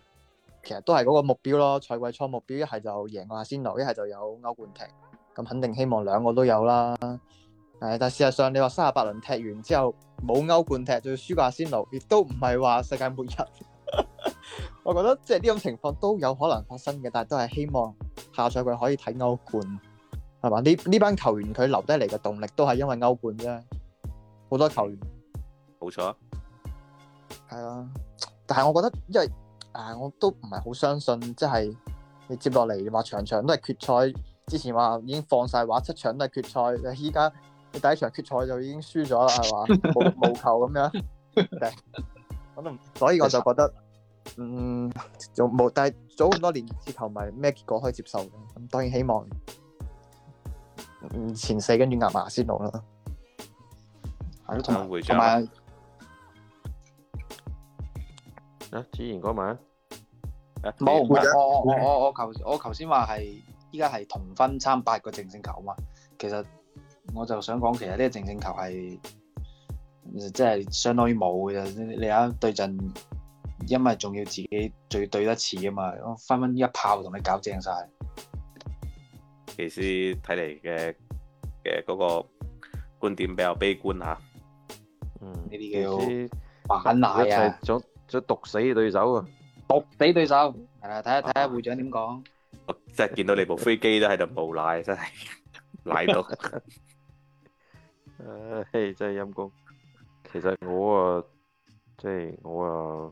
其實都係嗰個目標咯。賽季初目標一係就贏過阿仙奴，一係就有歐冠踢。咁肯定希望兩個都有啦。係，但事實上你話三十八輪踢完之後冇歐冠踢，仲要輸阿仙奴，亦都唔係話世界末日。 (laughs) 我覺得即係呢種情況都有可能發生嘅，但係都係希望下賽季可以睇歐冠，係嘛？呢呢班球員佢留低嚟嘅動力都係因為歐冠啫。好多球員，冇錯錯，係啊。但係我覺得，因為誒、啊、我都唔係好相信，即係你接落嚟話場場都係決賽。之前話已經放晒話七場都係決賽，依家你第一場決賽就已經輸咗啦，係話，冇冇球咁樣，我所以我就覺得， (laughs) 嗯，就冇。但係早咁多年接球，咪咩結果可以接受嘅？咁當然希望，嗯，前四跟住亞馬先好啦，係同同埋。啊，之前嗰晚冇唔我我我我頭我頭先話係依家係同分差八個淨勝球嘛，其實我就想講，其實呢個淨勝球係即係相當於冇嘅。你你而家對陣，因為仲要自己最對得次啊嘛，我分分一炮同你搞正晒。技師睇嚟嘅嘅嗰個觀點比較悲觀嚇、啊，嗯，呢啲叫反奶啊。想毒死對手啊！毒死對手，係啦，睇下睇下會長點講。即係見到你部飛機都喺度無賴，真係賴到。唉，真係陰功。其實我啊，即係我啊，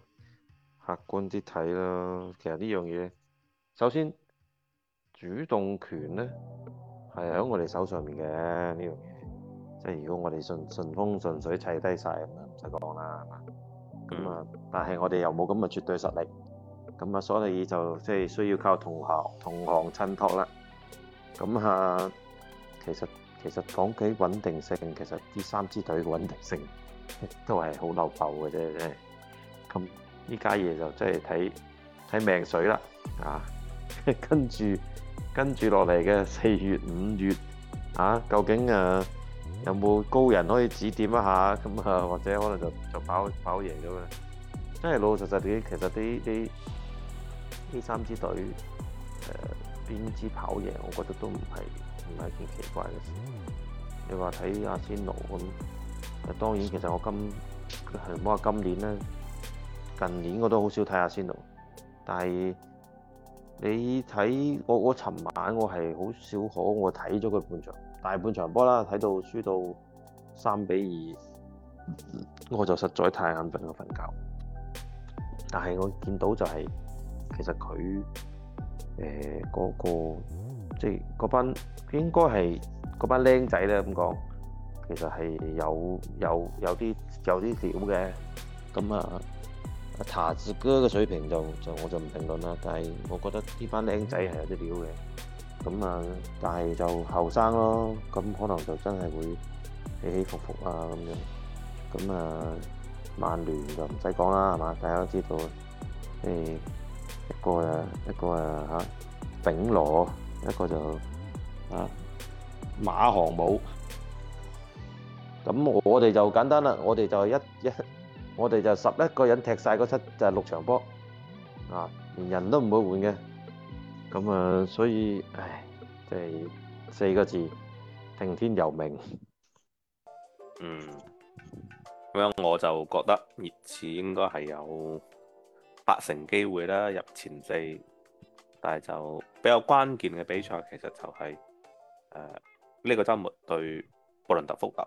客觀啲睇啦。其實呢樣嘢，首先主動權咧係喺我哋手上面嘅呢樣嘢。即係如果我哋順順風順水砌低晒，咁啊唔使講啦，係嘛。咁啊，嗯、但係我哋又冇咁嘅絕對實力，咁啊，所以就即係需要靠同行同行襯托啦。咁啊，其實其實講起穩定性，其實啲三支隊嘅穩定性都係好漏爆嘅啫。咁呢家嘢就即係睇睇命水啦。啊，跟住跟住落嚟嘅四月五月啊，究竟啊？有冇高人可以指點一下咁啊？或者可能就就跑跑贏咗啦！真係老老實實啲，其實啲啲呢三支隊誒，邊、呃、支跑贏，我覺得都唔係唔係件奇怪嘅事。你話睇阿仙奴咁，誒當然其實我今唔好話今年咧，近年我都好少睇阿仙奴，但係你睇我我尋晚我係好少可我睇咗佢半場。大半場波啦，睇到輸到三比二，我就實在太眼瞓，我瞓覺。但係我見到就係、是，其實佢誒嗰個即係嗰班應該係嗰班僆仔咧咁講，其實係有有有啲有啲料嘅。咁阿查治哥嘅水平就就我就唔評論啦。但係我覺得這班僆仔係有啲料嘅。咁啊，但係就後生咯，咁可能就真係會起起伏伏啊咁樣。咁啊，曼聯就唔使講啦，係嘛？大家都知道。誒，一個啊，一個啊吓，丙羅，一個就啊，馬航武。咁我哋就簡單啦，我哋就一一，我哋就十一個人踢晒嗰七就六場波，啊，連人都唔會換嘅。咁啊，所以，唉，即係四個字，聽天由命。嗯，咁樣我就覺得熱刺應該係有八成機會啦入前四，但係就比較關鍵嘅比賽其實就係誒呢個周末對布倫特福德，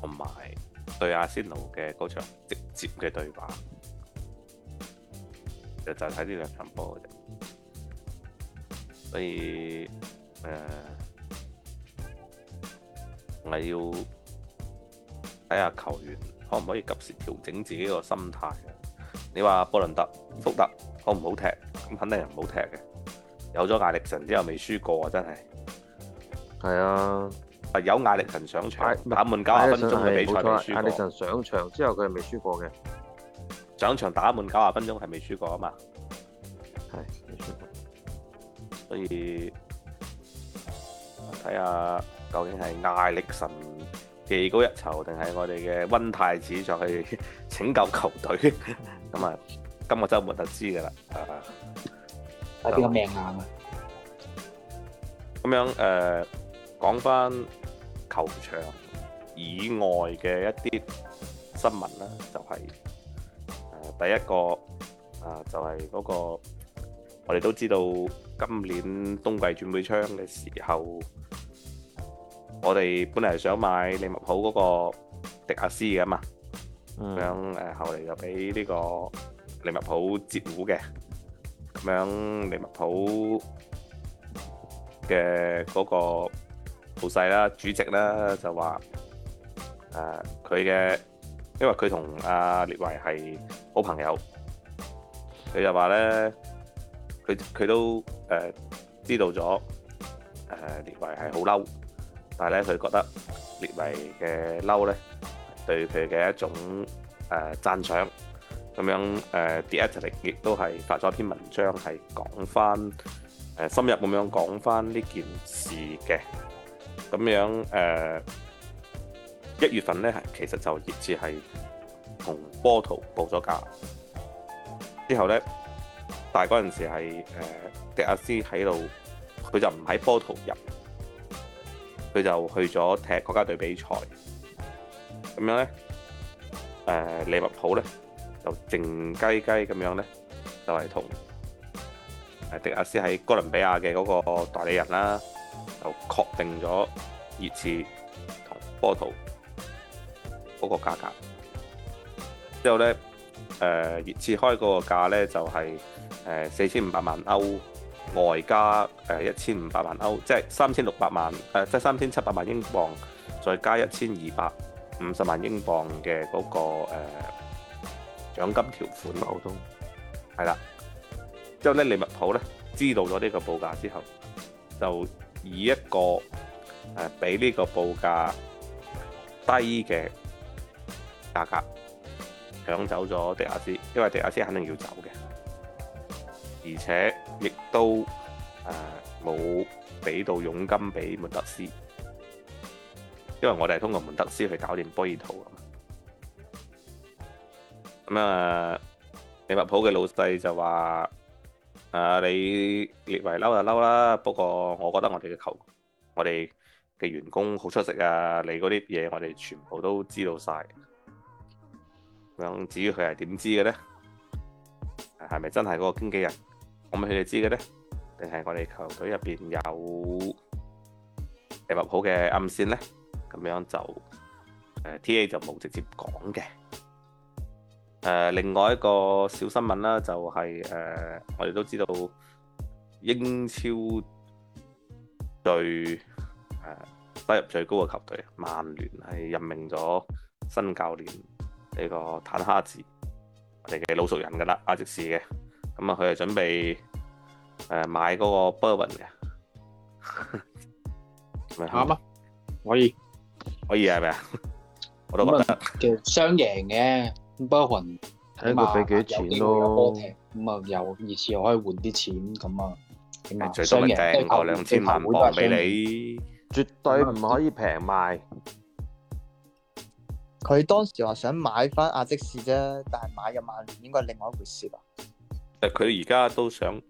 同埋對阿仙奴嘅嗰場直接嘅對話。就就睇呢兩場波嘅啫，所以誒、呃，我要睇下球員可唔可以及時調整自己個心態。你話布倫特、福特好唔好踢？咁肯定係唔好踢嘅。有咗艾歷臣之後未輸過的啊！真係。係啊，有艾歷臣上場，打、啊、滿九十分鐘都係比賽艾歷臣上場之後，佢係未輸過嘅。上場打滿九十分鐘係未輸過啊嘛，係未輸過，所以睇下究竟係艾力神技高一籌，定係我哋嘅溫太子上去拯救球隊？咁啊，今個周末就知噶啦。喺邊個命硬啊？咁樣誒，講、呃、翻球場以外嘅一啲新聞啦，就係、是。第一個啊，就係嗰個，我哋都知道今年冬季轉會窗嘅時候，我哋本嚟想買利物浦嗰個迪亞斯嘅嘛，咁樣，嗯，啊，後嚟就俾呢個利物浦截胡嘅，咁樣利物浦嘅嗰個老細啦、主席啦就話誒佢嘅。啊因為佢同阿列維係好朋友，佢就話咧，佢佢都誒、呃、知道咗誒、呃、列維係好嬲，但係咧佢覺得列維嘅嬲咧對佢嘅一種誒讚賞，咁、呃、樣誒、呃、The Athletic 亦都係發咗一篇文章係講翻誒深入咁樣講翻呢件事嘅，咁樣誒。呃一月份呢，其實就熱刺係同波圖報咗價之後呢，但係嗰陣時係、呃、迪亞斯喺度，佢就唔喺波圖入，佢就去咗踢國家隊比賽咁樣咧。誒、呃、利物浦咧就靜雞雞咁樣咧，就係同誒迪亞斯喺哥倫比亞嘅嗰個代理人啦、啊，就確定咗熱刺同波圖嗰個價格之後咧，誒熱刺開嗰個價咧就係誒四千五百萬歐外加誒一千五百萬歐，即係三千六百萬誒，即係三千七百萬英鎊，再加一千二百五十萬英鎊嘅嗰個誒、呃、獎金條款咯，我都係啦。之後咧利物浦咧知道咗呢個報價之後，就以一個誒、呃、比呢個報價低嘅。價格搶走咗迪亞斯，因為迪亞斯肯定要走嘅，而且亦都冇俾到佣金俾門特斯，因為我哋係通過門特斯去搞掂波爾圖咁。咁、嗯、啊、呃，利物浦嘅老細就話：誒、呃、你認為嬲就嬲啦，不過我覺得我哋嘅球，我哋嘅員工好出色啊。你嗰啲嘢我哋全部都知道晒。」咁至於佢係點知嘅咧？係咪真係嗰個經紀人講俾佢哋知嘅咧？定係我哋球隊入邊有利物浦嘅暗線咧？咁樣就誒 TA 就冇直接講嘅。誒，另外一個小新聞啦，就係誒我哋都知道英超最誒收入最高嘅球隊，曼聯係任命咗新教練。呢個坦哈字，我哋嘅老熟人噶啦，阿積士嘅，咁啊佢係準備誒買嗰個波雲嘅，啱啊，可以，可以係咪啊？我都覺得其實雙贏嘅波雲，睇下佢俾幾錢咯。咁啊，有，其次又可以換啲錢，咁啊，雙贏，最多兩千萬磅俾你，絕對唔可以平賣。佢當時話想買翻阿即士啫，但係買入曼聯應該另外一回事啦。誒，佢而家都想誒、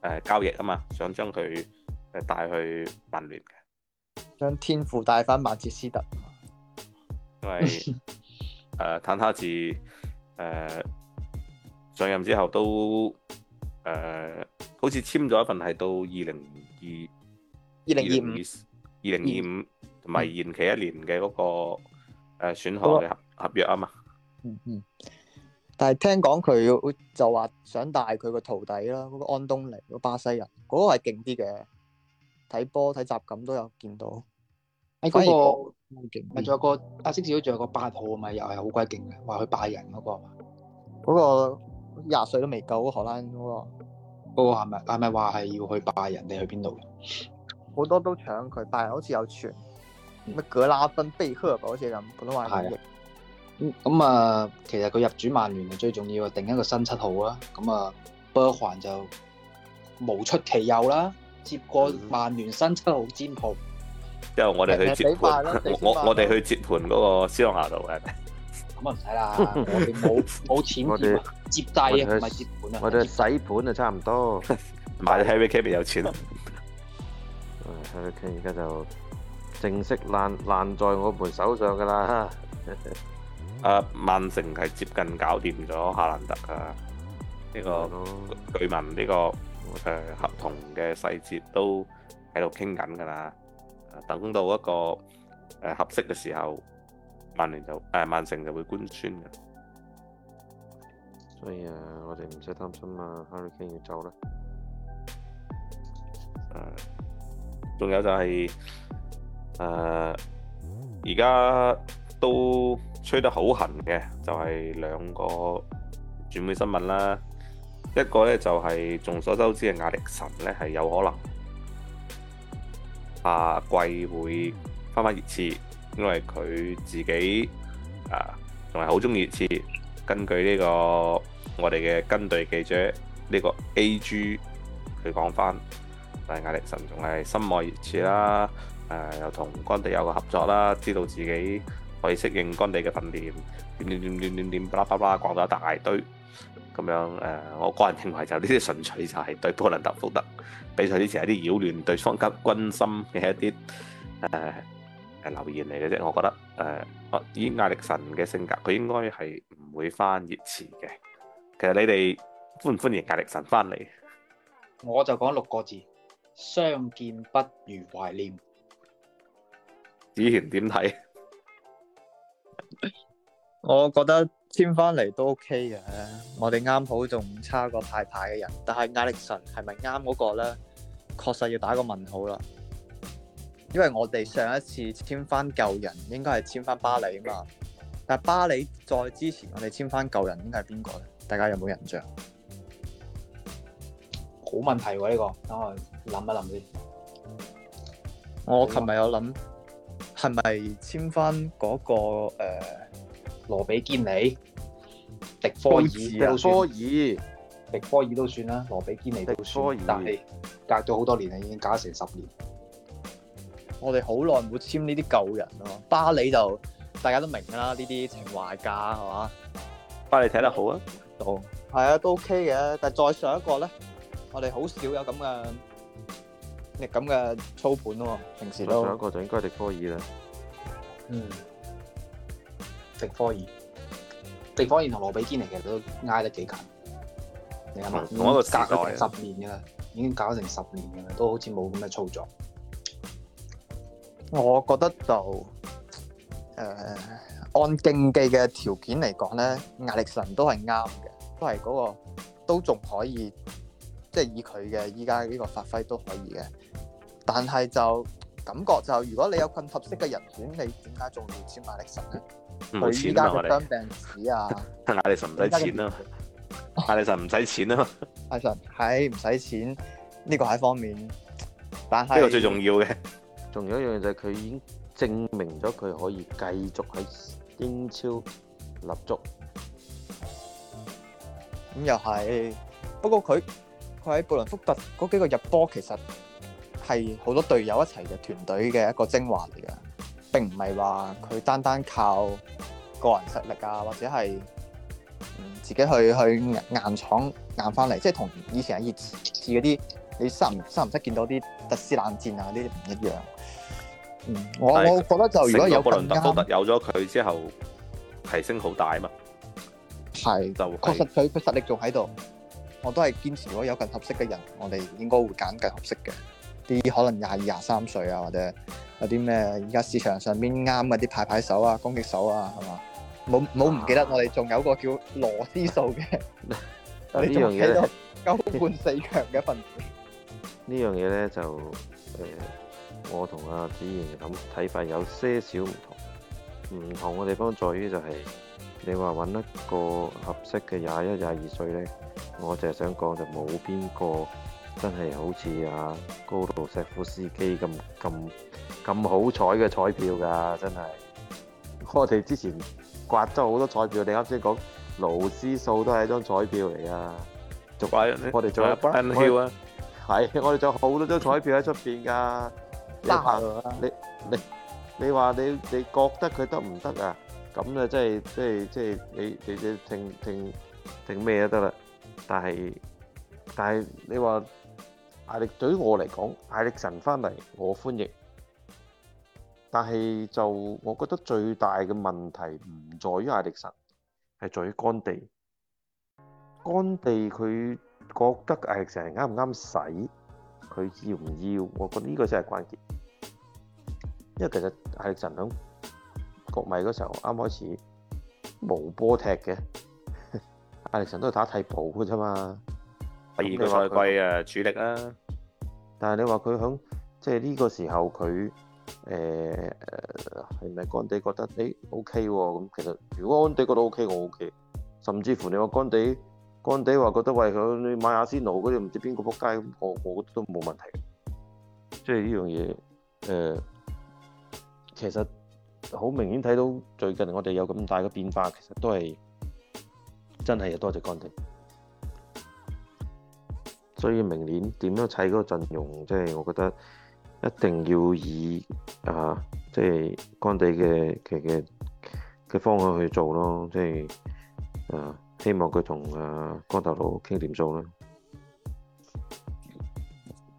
呃、交易啊嘛，想將佢誒帶去曼聯嘅，將天賦帶翻曼徹斯特。因為誒、 (laughs) 呃，坦哈治誒、呃、上任之後都誒、呃，好似簽咗一份係到二零二二零二五二零二五同埋延期一年嘅嗰、那個。誒，損害合合約啊嘛，那個、嗯嗯，但係聽講佢就話想帶佢個徒弟啦，嗰、那個安東尼，那個巴西人，嗰、那個係勁啲嘅，睇波睇集錦都有見到。誒、欸，嗰、那個咪仲、那個、有個阿斯蒂仲有個八號咪又係好鬼勁嘅，話去拜仁嗰、那個，嗰個廿歲都未夠，荷蘭嗰、那個。嗰個係咪係咪話係要去拜仁定去邊度？好多都搶佢，但係好似有傳。乜格拉芬貝赫好似咁，普通話係咁咁啊！其實佢入主曼聯係最重要啊，定一個新七號啊！咁啊，波環就無出其右啦，接過曼聯新七號戰袍。之後我哋去接盤，我我哋去接盤嗰個斯洛亞度啊！咁啊唔使啦，我哋冇冇錢接，接債啊，唔係接盤啊，我哋洗盤啊，差唔多，買喺 Vicky 邊有錢啊！Vicky 而家就。正式爛爛在我們手上噶啦！啊，曼城係接近搞掂咗夏蘭特啊，呢個據聞呢個誒合同嘅細節都喺度傾緊噶啦，等到一個誒合適嘅時候，曼聯就誒曼城就會官宣嘅。所以啊，我哋唔使擔心啊 Hurricane 要走啦。仲、啊、有就係、是。誒，而家、uh，都吹得好痕嘅，就係、是、兩個轉會新聞啦。一個呢、就是，就係眾所周知嘅艾歷臣呢係有可能下、啊、季會翻返熱刺，因為佢自己啊，仲係好中意熱刺。根據呢、這個我哋嘅跟隊記者呢、這個 A.G 佢講翻，但係艾歷臣仲係心愛熱刺啦。誒、呃、又同乾地有個合作啦，知道自己可以適應乾地嘅訓練，點點點點點點巴拉巴拉講咗一大堆咁樣誒、呃。我個人認為就呢啲純粹就係對布倫特福德比賽之前一啲擾亂對方及軍心嘅一啲誒誒流言嚟嘅啫。我覺得誒、呃，以艾力神嘅性格，佢應該係唔會翻熱刺嘅。其實你哋歡唔歡迎艾力神翻嚟？我就講六個字：相見不如懷念。子賢點睇？我覺得簽翻嚟都 OK 嘅，我哋啱好仲差個派牌嘅人，但係艾歷臣係咪啱嗰個咧？確實要打個問號啦，因為我哋上一次簽翻舊人應該係簽翻巴黎啊嘛，但係巴黎再之前我哋簽翻舊人應該係邊個咧？大家有冇印象？好問題喎呢、呢個，等我諗一諗先。嗯、我琴日有諗。係咪簽翻嗰個誒，羅比堅尼、迪科爾、迪科爾、迪科爾都算啦，羅比堅尼都算，但係隔咗好多年啦，已經隔咗成十年。我哋好耐冇簽呢啲舊人咯。巴里就大家都明㗎啦，呢啲情懷價係嘛？巴里睇得好啊，都係啊，都 OK 嘅。但係再上一個咧，我哋好少有咁嘅。你咁嘅操盤喎、啊，平時都。上一個就應該係迪科爾啦、嗯。嗯。迪科爾。迪科爾同羅比堅尼其實都挨得幾近。嗯、你諗下，同隔咗十年嘅啦，已經搞成十年嘅啦，都好似冇咁嘅操作。我覺得就誒、呃、按競技嘅條件嚟講咧，艾歷臣都係啱嘅，都係嗰、那個都仲可以，即係以佢嘅依家呢個發揮都可以嘅。但係就感覺就，如果你有更合適嘅人選，你點解仲要簽艾歷臣咧？冇錢啊！我哋，佢依家嘅傷病史啊，艾歷臣唔使錢咯，艾歷臣唔使錢咯、啊，啊啊、艾歷臣喺唔使錢呢個係一方面，但係呢個最重要嘅。仲有一樣嘢就係佢已經證明咗佢可以繼續喺英超立足。咁、嗯嗯、又係，不過佢佢喺布倫福特嗰幾個入波其實。係好多隊友一齊嘅團隊嘅一個精華嚟嘅，並唔係話佢單單靠個人實力啊，或者係、嗯、自己去去硬闖硬翻嚟，即係同以前喺熱刺嗰啲你識唔識見到啲特斯冷戰啊呢啲唔一樣。嗯，我是我覺得就如果有布倫特福特有咗佢之後，提升好大嘛。係是，就是、確實佢佢實力仲喺度，我都係堅持，如果有更合適嘅人，我哋應該會揀更合適嘅。啲可能廿二廿三歲啊，或者有啲咩？而家市場上邊啱嘅啲派牌手啊，攻擊手啊，係嘛？冇冇唔記得我哋仲有個叫羅之數嘅？啊、 (laughs) 呢你仲喺度勾半四強嘅份？呢樣嘢咧就誒、呃，我同阿子賢諗睇法有些少唔同。唔同嘅地方在於就係、是、你話揾一個合適嘅廿一廿二歲咧，我就係想講就冇邊個。真係好似啊高道石夫斯基咁咁咁好彩嘅彩票㗎，真係我哋之前刮咗好多彩票，你啱先講勞斯數都係一張彩票嚟啊！我哋再一班，我哋再一班，我哋再一班。係，我哋仲有好多張彩票喺出邊㗎。你話你你你話你你覺得佢得唔得啊？咁啊真係真係真係你你你停停停咩都得啦。但係但係你話。艾歷對於我嚟講，艾歷臣返嚟我歡迎，但係就我覺得最大嘅問題唔在於艾歷臣，係在於干地。干地佢覺得艾歷臣啱唔啱使，佢要唔要？我覺得呢個先係關鍵。因為其實艾歷臣響國米嗰時候啱開始冇波踢嘅，艾歷臣都係打替補嘅啫嘛。第二個賽季啊，主力啦。但係你話佢響即係呢個時候佢誒係咪干地覺得誒 O K 喎？咁、欸 OK 哦、其實如果干地覺得 O、OK, K，我 O K。甚至乎你話干地干地話覺得喂佢、嗯、你買阿仙奴嗰啲唔知邊個仆街，我我覺得都冇問題。即係呢樣嘢誒，其實好明顯睇到最近我哋有咁大嘅變化，其實都係真係有多謝干地。所以明年點樣砌嗰個陣容，即係我覺得一定要以啊，即係乾地嘅嘅嘅嘅方向去做咯，即係啊，希望佢同啊光頭佬傾掂數啦。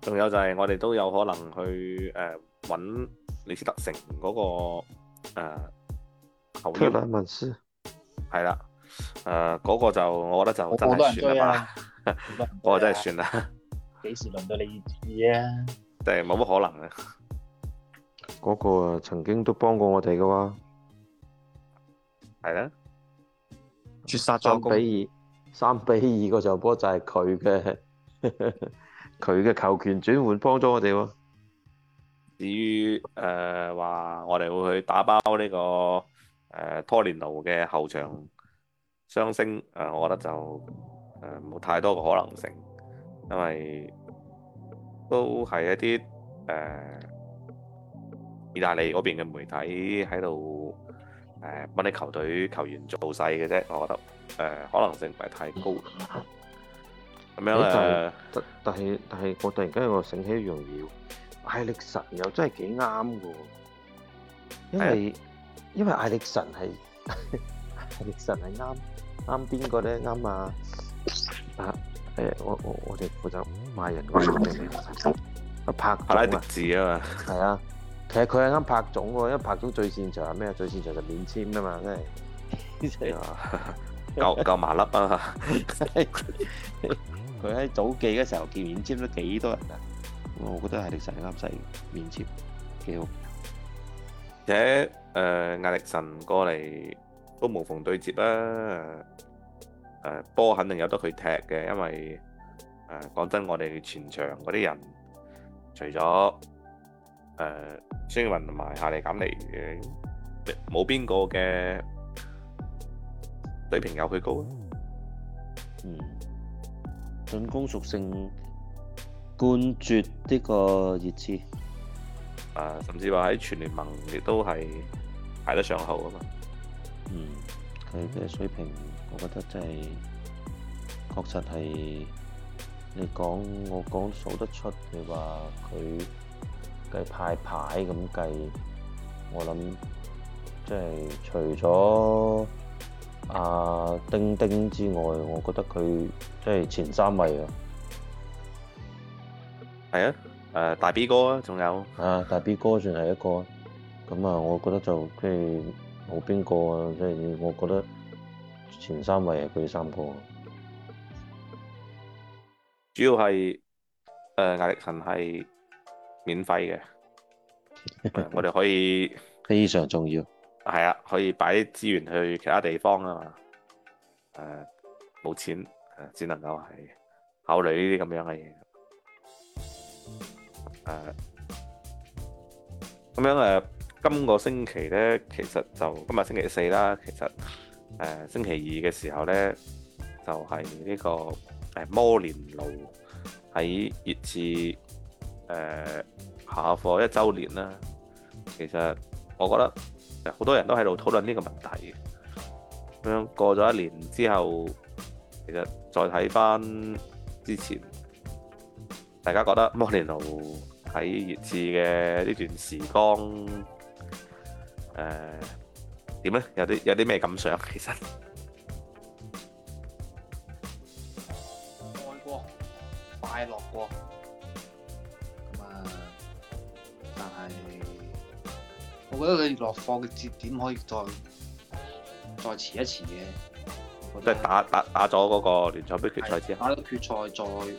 仲有就係我哋都有可能去誒揾李斯特城嗰個誒。托拉文斯。係啦，誒嗰個就我覺得就真係算啦。我覺得啊、我真係算啦，幾時輪到你、啊？真係冇乜可能嘅，嗰個曾經都幫過我哋噶嘛，係啦，絕殺助攻，比二，三比二個球波就係佢嘅，佢嘅球權轉換幫咗我哋。至於誒話，我哋會去打包呢、這個誒拖連奴嘅後場雙星誒、呃，我覺得就。誒，冇太多嘅可能性，因為都係一啲誒、呃，意大利嗰邊嘅媒體喺度誒，幫啲球隊球員做勢嘅啫，我覺得誒、呃，可能性唔係太高。咁樣咧、欸，但、呃、但係但係我突然間我醒起一樣嘢，艾歷臣又真係幾啱嘅，因為因為艾歷臣係艾 (laughs) 歷臣係啱啱邊個咧啱啊？啊！誒，我我我哋負責買人嘅，拍拉特字啊嘛。係啊，啊的其實佢係啱拍總喎，因為拍總最擅長係咩啊？最擅長就免簽啊嘛，真係 (laughs) 的夠 (laughs) 夠麻甩啊！佢喺祖記嘅時候見免簽都幾多人啊！我覺得艾歷臣啱使免簽幾好，而且誒艾歷臣過嚟都無縫對接啦。誒，波、啊、肯定有得佢踢嘅，因為誒講、啊、真，我哋全場嗰啲人，除咗誒孫雲同埋夏利簡尼嘅，冇邊個嘅水平有佢高啊！嗯，進攻屬性冠絕呢個熱刺，誒、啊、甚至話喺全聯盟亦都係排得上號啊嘛！嗯，佢嘅水平。我覺得即係確實係你講我講數得出嘅話，你話佢計派牌咁計，我諗即係除咗阿、啊、丁丁之外，我覺得佢即係前三位、啊、是係啊，啊，大 B 哥啊，仲有啊大 B 哥算係一個、啊，咁啊我覺得就即係冇邊個即係我覺得。前三位係佢三個，三主要係誒艾歷臣係免費嘅 (laughs) 、呃，我哋可以非常重要，係啊，可以擺啲資源去其他地方啊嘛，誒、呃、冇錢、呃、只能夠係考慮呢啲咁樣嘅嘢，誒、呃、咁樣誒、呃，今個星期咧，其實就今日星期四啦，其實。誒、呃，星期二嘅時候咧，就係、是、呢、這個誒、呃、摩連奴喺熱刺誒下課一周年啦。其實我覺得好多人都喺度討論呢個問題。咁樣過咗一年之後，其實再睇翻之前，大家覺得摩連奴喺熱刺嘅呢段時光誒。呃點咧？有啲有啲咩感想？其實愛過、快樂過咁啊！但係我覺得你落課嘅節點可以再再遲一遲嘅。即係打打打咗嗰個聯賽杯決賽之後，打到決賽再，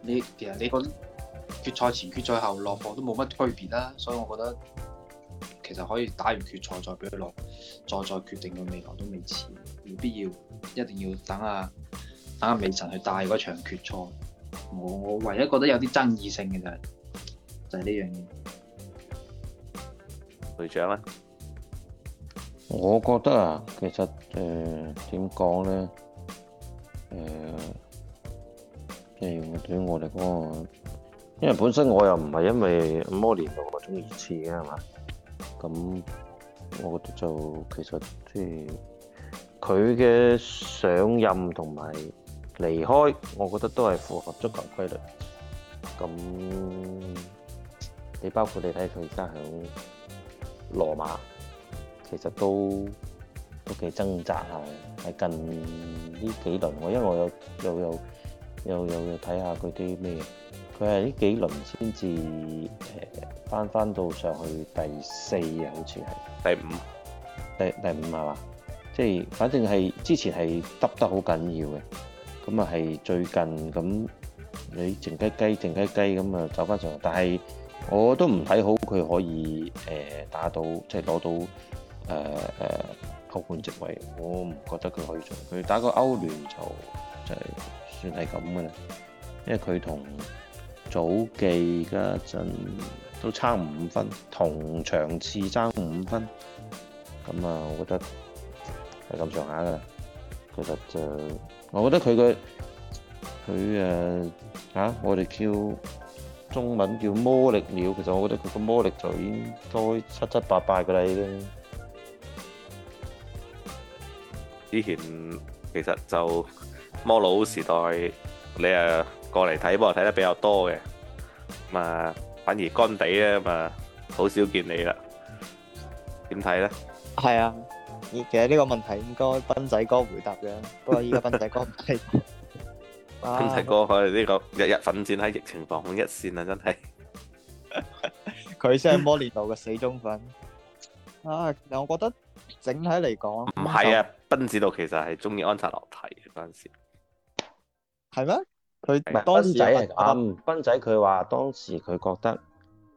你其實你個決賽前、決賽後落課都冇乜區別啦，所以我覺得。其實可以打完決賽再俾佢落，再再決定個未來都未遲，冇必要一定要等啊等阿美臣去帶嗰場決賽。我我唯一覺得有啲爭議性嘅就係就係呢樣嘢。隊長啊，我覺得啊，其實誒點講咧？誒，誒、呃呃、對於我嚟講，因為本身我又唔係因為摩連奴我中意刺嘅係嘛。咁，我覺得就其實即係佢嘅上任同埋離開，我覺得都係符合足球規律。咁你包括你睇佢而家喺羅馬，其實都都幾掙扎下，係近呢幾輪我因為我有有有有有睇下佢啲咩，佢係呢幾輪先至，呃翻翻到上去第四啊，好似係第五，第第五係嘛？即係反正係之前係得得好緊要嘅，咁啊係最近咁你靜雞靜雞靜雞雞咁啊走翻上，但係我都唔睇好佢可以誒、呃、打到即係攞到誒誒歐冠席位，我唔覺得佢可以做。佢打個歐聯就就算係咁嘅啦，因為佢同早季嗰陣，都差五分，同場次差五分咁啊！我覺得係咁上下噶啦。其實就我覺得佢嘅佢誒啊，我哋叫中文叫魔力鳥。其實我覺得佢嘅魔力就應該七七八八嘅嚟嘅。以前其實就魔佬時代，你誒過嚟睇波睇得比較多嘅咁啊。反而乾地吖嘛，好少見你啦，點睇咧？係啊，其實呢個問題應該斌仔哥回答嘅，不過依家斌仔哥唔係。斌仔哥，我哋呢個日日奮戰喺疫情防控一綫啊，真係。佢先係摩連奴嘅死忠粉。啊，但係我覺得整體嚟講，唔係啊，斌指導其實係中意安察洛堤嘅，嗰陣時，係咩？佢唔係斌仔係咁，斌仔佢話當時佢、嗯、覺得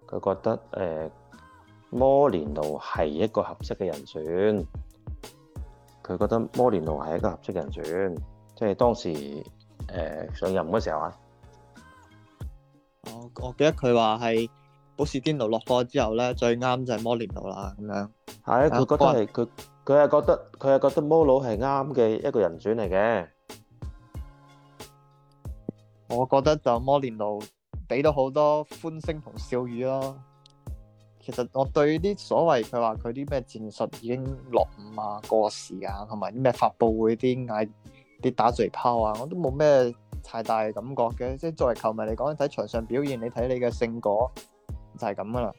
佢覺得誒、欸、摩連奴係一個合適嘅人選，佢覺得摩連奴係一個合適嘅人選，即係當時誒、欸、上任嗰時候啊。我我記得佢話係保士堅奴落課之後咧，最啱就係摩連奴啦咁樣。係佢、欸、覺得佢佢係覺得佢係覺得摩佬係啱嘅一個人選嚟嘅。我覺得就摩連奴俾到好多歡聲同笑語咯。其實我對啲所謂佢話佢啲咩戰術已經落伍啊，過時啊，同埋啲咩發佈會啲嗌啲打嘴炮啊，我都冇咩太大嘅感覺嘅。即係作為球迷嚟講，睇場上表現，你睇你嘅成果就係咁噶啦。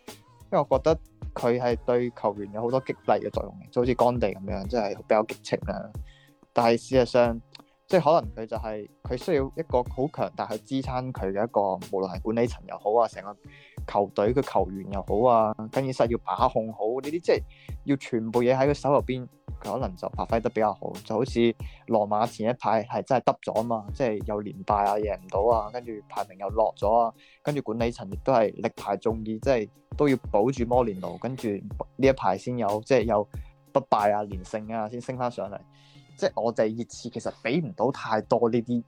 因為我覺得佢係對球員有好多激勵嘅作用嘅，就好似干地咁樣，即係比較激情啊。但係事實上，即係可能佢就係、是、佢需要一個好強大去支撐佢嘅一個，無論係管理層又好啊，成個球隊嘅球員又好啊，更衣室要把控好呢啲，即係要全部嘢喺佢手入邊，佢可能就發揮得比較好。就好似羅馬前一排係真係得咗啊嘛，即係又連敗啊，贏唔到啊，跟住排名又落咗啊，跟住管理層亦都係力排眾議，即係都要保住摩連奴，跟住呢一排先有即係有不敗啊、連勝啊，先升翻上嚟。即係我哋熱刺，其實俾唔到太多呢啲，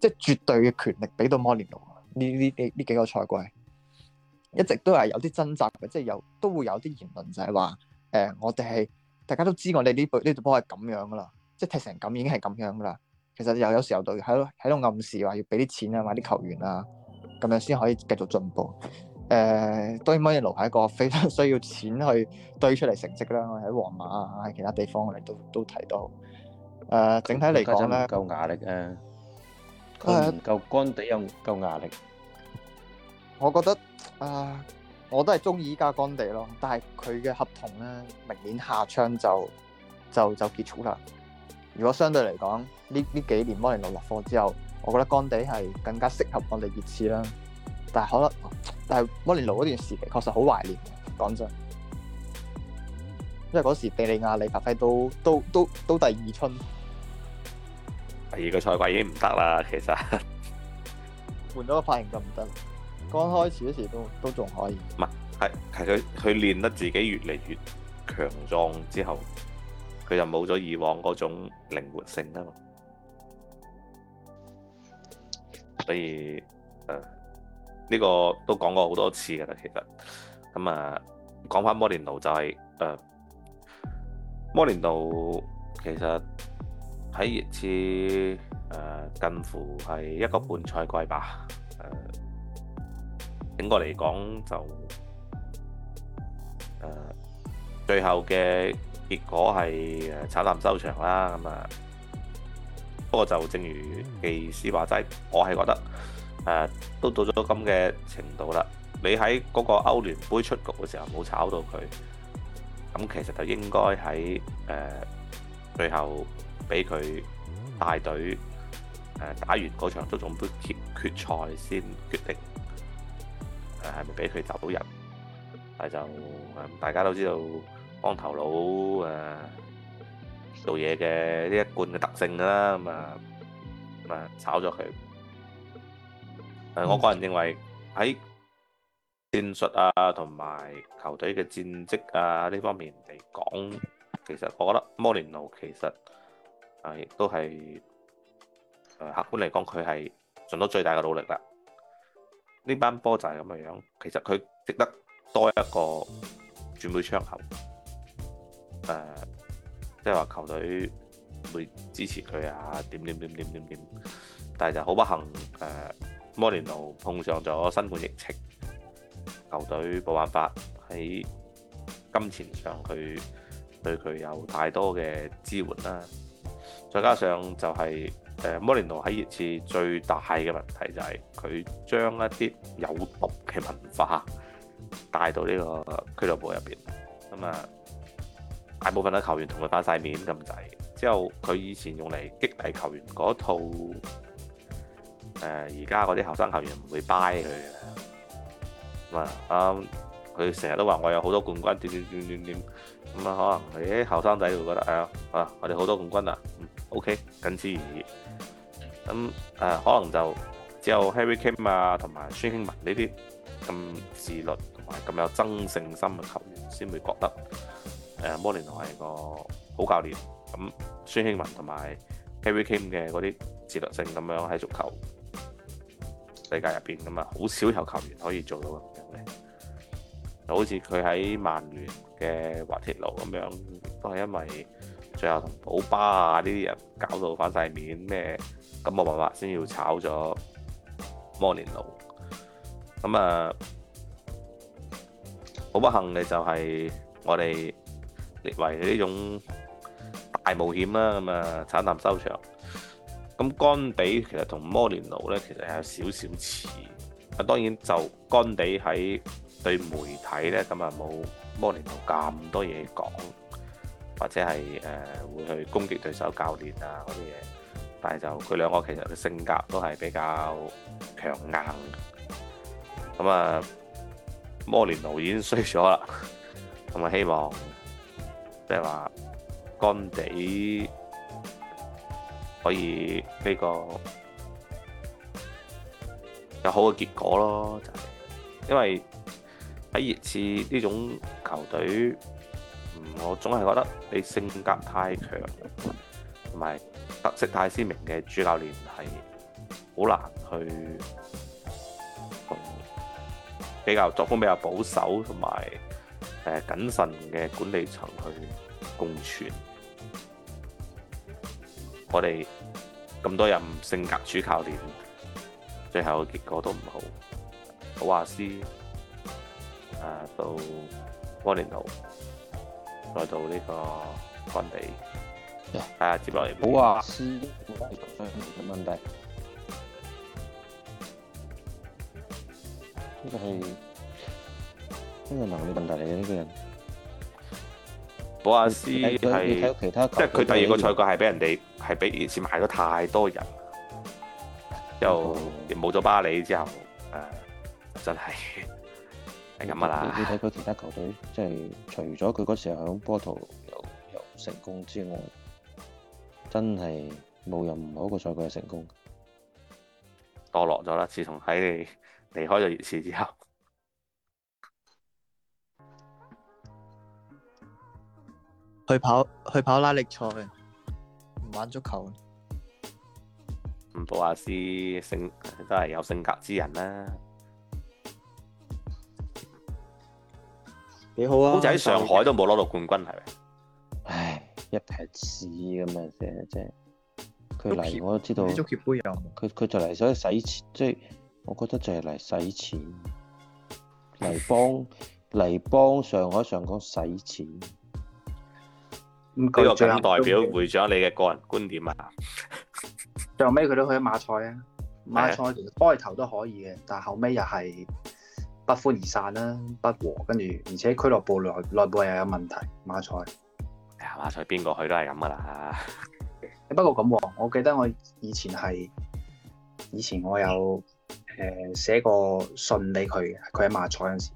即係絕對嘅權力俾到摩連奴。呢呢呢呢幾個賽季，一直都係有啲掙扎嘅，即係有都會有啲言論就係話，誒、呃、我哋係大家都知道我哋呢隊呢隊波係咁樣噶啦，即係踢成咁已經係咁樣噶啦。其實又有，有時候對喺喺度暗示話要俾啲錢啊買啲球員啊，咁樣先可以繼續進步。誒、呃、當然摩連奴係一個非常需要錢去堆出嚟成績啦，我喺皇馬啊、喺其他地方我哋都都睇到。誒，整體嚟講咧，佢係唔夠壓力嘅，佢係唔夠乾地又夠壓力。我覺得啊，我都係中意依家乾地咯，但係佢嘅合同咧，明年夏窗就就就結束啦。如果相對嚟講，呢呢幾年摩連奴落課之後，我覺得乾地係更加適合我哋熱刺啦。但係可能，但係摩連奴嗰段時期確實好懷念，講真。因為嗰時地利亞力發揮都都都都第二春。第二個賽季已經唔得啦，其實換咗個髮型就唔得。剛開始嗰時都都仲可以，唔係係係佢佢練得自己越嚟越強壯之後，佢就冇咗以往嗰種靈活性啊嘛。所以誒呢、呃這個都講過好多次噶啦，其實咁啊講翻摩連奴就係、是、誒、呃、摩連奴其實。喺熱刺，誒近乎係一個半賽季吧。誒、呃，整個嚟講就誒、呃，最後嘅結果係誒慘淡收場啦。咁、嗯、啊，不過就正如技師話齋，我係覺得誒、呃、都到咗咁嘅程度啦。你喺嗰個歐聯杯出局嘅時候冇炒到佢，咁其實就應該喺誒、呃、最後，俾佢帶隊誒打完嗰場足總杯決賽先決，決定誒，係咪俾佢走人？係、啊、就、啊、大家都知道光頭佬誒、啊、做嘢嘅呢一貫嘅特性啦，咁啊咁啊，啊炒咗佢誒。我個人認為喺戰術啊，同埋球隊嘅戰績啊呢方面嚟講，其實我覺得摩連奴其實。啊，亦都係誒，客觀嚟講，佢係盡到最大嘅努力啦。呢班波就係咁嘅樣，其實佢值得多一個轉會窗口。誒、呃，即係話球隊會支持佢啊，點點點點點點，但係就好不幸誒、呃，摩連奴碰上咗新冠疫情，球隊冇辦法喺金錢上佢對佢有太多嘅支援啦、啊。再加上就係、是、誒摩連奴喺熱刺最大嘅問題就係佢將一啲有毒嘅文化帶到呢個俱樂部入邊，咁啊大部分嘅球員同佢翻晒面咁滯。之後佢以前用嚟激勵球員嗰套誒而家嗰啲後生球員唔會 buy 佢嘅，咁啊啱佢成日都話我有好多冠軍點點點點點。串串串串串咁啊，可能你啲後生仔會覺得啊，啊，我哋好多冠軍啊，OK，僅此而已。咁啊，可能就只有 Harry Kane 啊，同埋孫興文呢啲咁自律同埋咁有爭勝心嘅球員，先會覺得誒、啊，摩連奴係個好教練。咁孫興文同埋 Harry Kane 嘅嗰啲自律性咁樣喺足球世界入邊，咁啊，好少有球員可以做到咁樣嘅。就好似佢喺曼聯嘅滑鐵盧咁樣都係因為最後同保巴啊呢啲人搞到反晒面咩，咁冇辦法先要炒咗摩連奴。咁啊，好不幸嘅就係我哋列為呢種大冒險啦，咁啊，慘淡收場。咁干地其實同摩連奴咧，其實係有少少似啊。當然就干地喺對媒體咧咁啊冇。摩連奴咁多嘢講，或者係誒、呃、會去攻擊對手教練啊嗰啲嘢，但係就佢兩個其實嘅性格都係比較強硬。咁啊，摩連奴已經衰咗啦，咁啊，希望即係話干地可以飛、呢個有好嘅結果咯，就係、因為。喺熱刺呢種球隊，我總係覺得你性格太強，同埋特色太鮮明嘅主教練係好難去比較作風比較保守同埋誒謹慎嘅管理層去共存。我哋咁多任性格主教練，最後嘅結果都唔好。我話師。啊，到摩連奴，再到呢個甘地，係、嗯、啊，接落嚟冇啊，斯唔得，唔得，唔得，問題，呢個人、這個、能力問題嚟嘅呢個人？保亞斯係，即係佢第二個賽季係俾人哋係俾以前買咗太多人，嗯、又冇咗巴利之後，啊、真係。咁啊啦！你睇佢其他球隊，即係除咗佢嗰時響波圖有有成功之外，真係冇任何一個賽季嘅成功。墮落咗啦！自從喺離開咗熱刺之後，去跑去跑拉力賽，唔玩足球。唔，保亞斯性真係有性格之人啦。幾好啊！仔喺上海都冇攞到冠軍係咪？是吧唉，一匹屎咁樣啫，即係佢嚟，我都知道。足協杯啊！佢佢就嚟，想使錢，即係我覺得就係嚟使錢，嚟幫嚟幫上海上港使錢。唔想代表會長席你嘅個人觀點啊！最後尾佢都去咗馬賽啊！馬賽其實開頭都可以嘅，但後尾又係。不歡而散啦、啊，不和，跟住而且俱樂部內內部又有問題。馬賽，係、哎、馬賽，邊個去都係咁噶啦。不過咁、啊，我記得我以前係，以前我有誒、呃、寫過信俾佢，佢喺馬賽嗰陣時，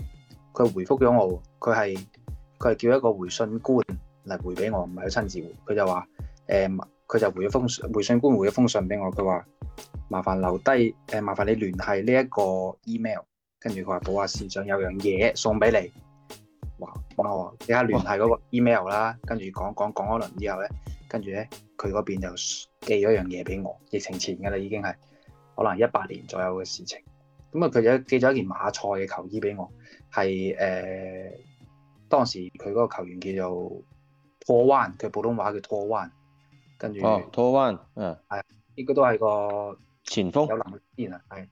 佢回覆咗我，佢係佢係叫一個回信官嚟回俾我，唔係佢親自回。佢就話誒，佢、呃、就回咗封回信官回咗封信俾我，佢話麻煩留低誒，麻煩你聯繫呢一個 email。跟住佢話保亞市長有樣嘢送俾你，哇！我即刻聯繫嗰個 email 啦，跟住講講講咗輪之後咧，跟住咧佢嗰邊就寄咗樣嘢俾我，疫情前噶啦已經係，可能一八年左右嘅事情。咁啊，佢就寄咗一件馬賽嘅球衣俾我，係誒、呃、當時佢嗰個球員叫做托彎，佢普通話叫托彎，跟住哦，托彎，嗯，係，應該都係個前鋒，有能力啊，係。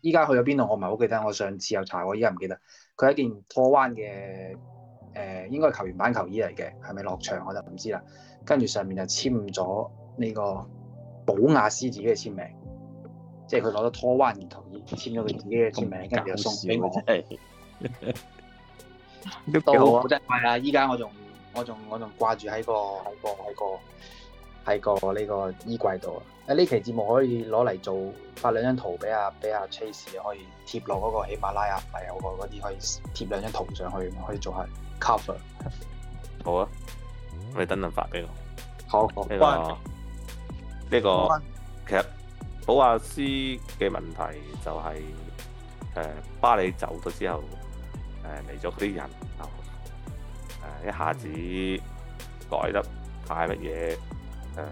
依家去咗邊度我唔係好記得，我上次又查過，依家唔記得。佢係一件拖彎嘅，誒、呃、應該係球員版球衣嚟嘅，係咪落場我就唔知啦。跟住上面就簽咗呢個保亞斯自己嘅簽名，即係佢攞咗拖彎同簽咗佢自己嘅簽名，跟住就送俾我。是都幾好啊，真係啊！依家我仲我仲我仲掛住喺個喺個喺個。喺個呢個衣櫃度啊！喺呢期節目可以攞嚟做發兩張圖俾阿俾阿 Chase 可以貼落嗰個喜馬拉雅咪有嗰個嗰啲，可以貼兩張圖上去，可以做下 cover。好啊，咪等陣發俾我好。好，呢、呢個呢、啊呢個其實保亞斯嘅問題就係、是、誒、呃、巴里走咗之後，誒嚟咗嗰啲人誒、呃、一下子改得太乜嘢。誒、呃，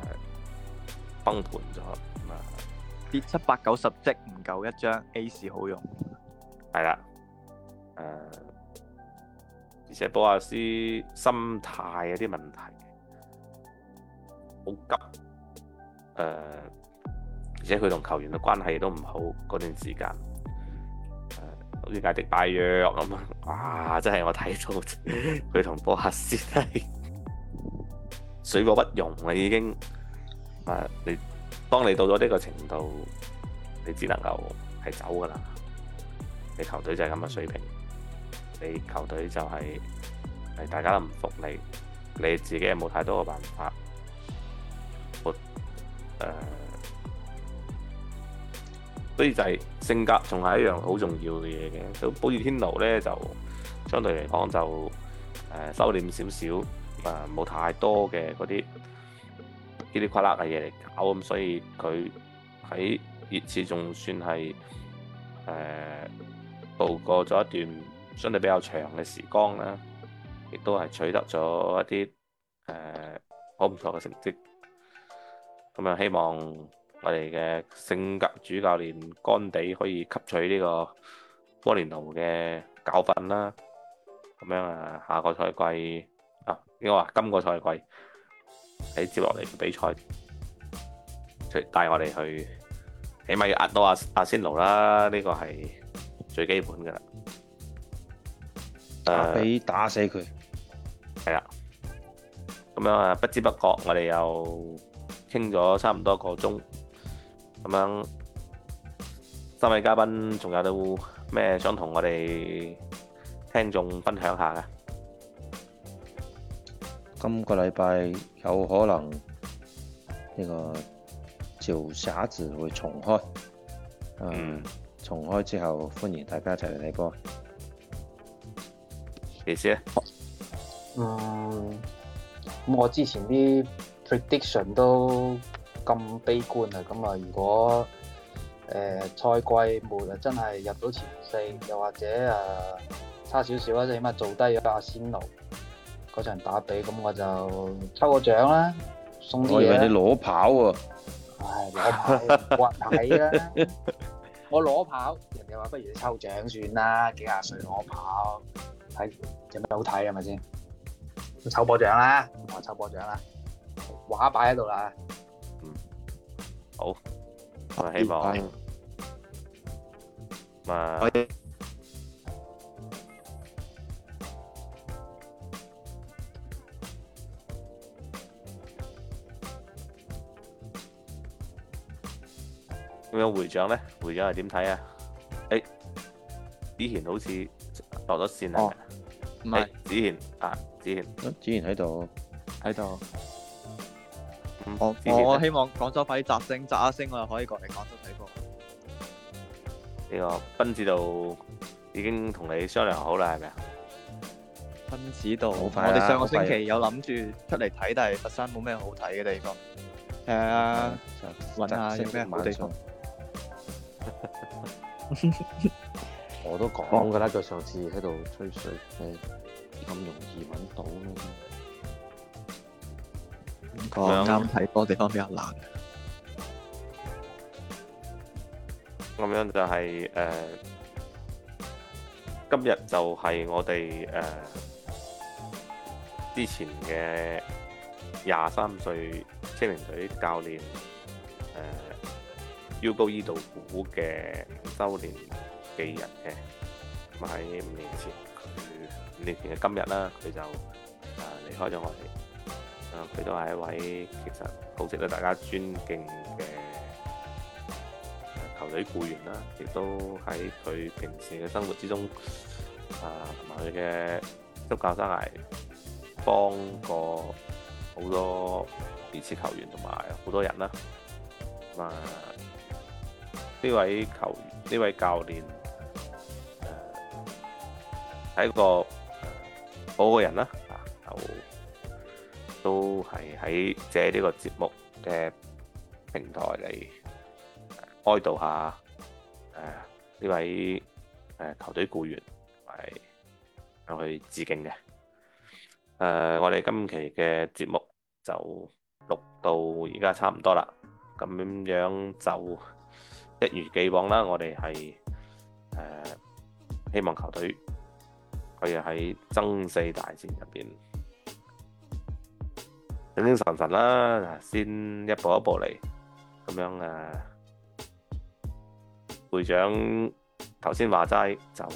崩盤咗跌七百九十即唔夠一張 A 時、e、好用，係啦，誒、呃，而且保亞斯心態有啲問題，好急，誒、呃，而且佢同球員嘅關係都唔好嗰段時間，呃、好似亞迪拜約咁啊！真係我睇到佢同 (laughs) (laughs) 保亞斯係。水火不容，你已經啊，你當你到咗呢個程度，你只能夠係走噶啦。你球隊就係咁嘅水平，你球隊就係、是、係大家都唔服你，你自己有冇太多嘅辦法。誒、呃，所以就係性格仲係一樣好重要嘅嘢嘅。咁普捷天奴咧，就相對嚟講就誒、呃、收斂少少。誒冇、啊、太多嘅嗰啲噼里啪啦嘅嘢嚟搞咁，所以佢喺熱刺仲算係誒、呃、度過咗一段相對比較長嘅時光啦，亦都係取得咗一啲誒好唔錯嘅成績。咁樣希望我哋嘅性格主教練干地可以吸取呢個摩連奴嘅教訓啦。咁樣啊，下個賽季。啊！呢個啊，今個賽季喺接落嚟嘅比賽，出帶我哋去，起碼要壓到阿阿仙奴啦，呢個係最基本嘅啦。打俾打死佢，係啦。咁樣啊，樣不知不覺我哋又傾咗差唔多一個鐘。咁樣三位嘉賓仲有到咩想同我哋聽眾分享下嘅？今個禮拜有可能呢個趙匣子會重開，嗯，重開之後歡迎大家一齊嚟睇波。咩事啊？嗯，咁我之前啲 prediction 都咁悲觀啊，咁啊，如果誒賽季末真係入到前四，又或者誒、呃、差少少咧，最起碼做低咗阿仙奴。嗰場打比咁我就抽個獎啦，送啲嘢啦。我以為你裸跑喎。唉，裸跑冇人睇啦！我裸跑，人哋話不如你抽獎算啦。幾廿歲裸跑，睇有咩好睇係咪先？抽波獎啦，我抽波獎啦，畫擺喺度啦。嗯，好，我希望。啊。咁樣會長咧，會長係點睇啊？誒，子賢好似落咗線啊，唔係，子賢啊，子賢，子賢喺度，喺度，我我希望廣州快啲摘星，摘一星我又可以過嚟廣州睇波，呢個賓子道已經同你商量好啦，係咪啊？賓子道，我哋上個星期有諗住出嚟睇，但係佛山冇咩好睇嘅地方，係啊，揾下有咩 (laughs) 我都講噶啦，佢上次喺度吹水，咁容易揾到咯。講啱睇波地方比較難。咁樣，樣就係、是、誒、呃，今日就係我哋誒、呃、之前嘅廿三歲青年隊教練、呃 Ugo 伊奧古嘅五周年紀日嘅，咁喺五年前，佢五年前嘅今日啦，佢就啊離開咗我哋。佢都係一位其實好值得大家尊敬嘅球隊僱員啦，亦都喺佢平時嘅生活之中啊，同埋佢嘅執教生涯幫過好多二次球員同埋好多人啦。咁啊～呢位球員，呢位教練，誒，係一個好嘅人啦，就都係喺借呢個節目嘅平台嚟，哀悼下誒，呢位誒球隊雇員，同埋向佢致敬嘅。誒，我哋今期嘅節目就錄到而家差唔多啦，咁樣就。一如既往啦，我哋係誒希望球隊可以喺爭四大戰入邊精精神神啦，先一步一步嚟咁樣誒、呃。會長頭先話齋，就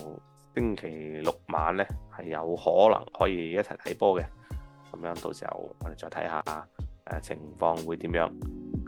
星期六晚咧係有可能可以一齊睇波嘅，咁樣到時候我哋再睇下誒情況會點樣。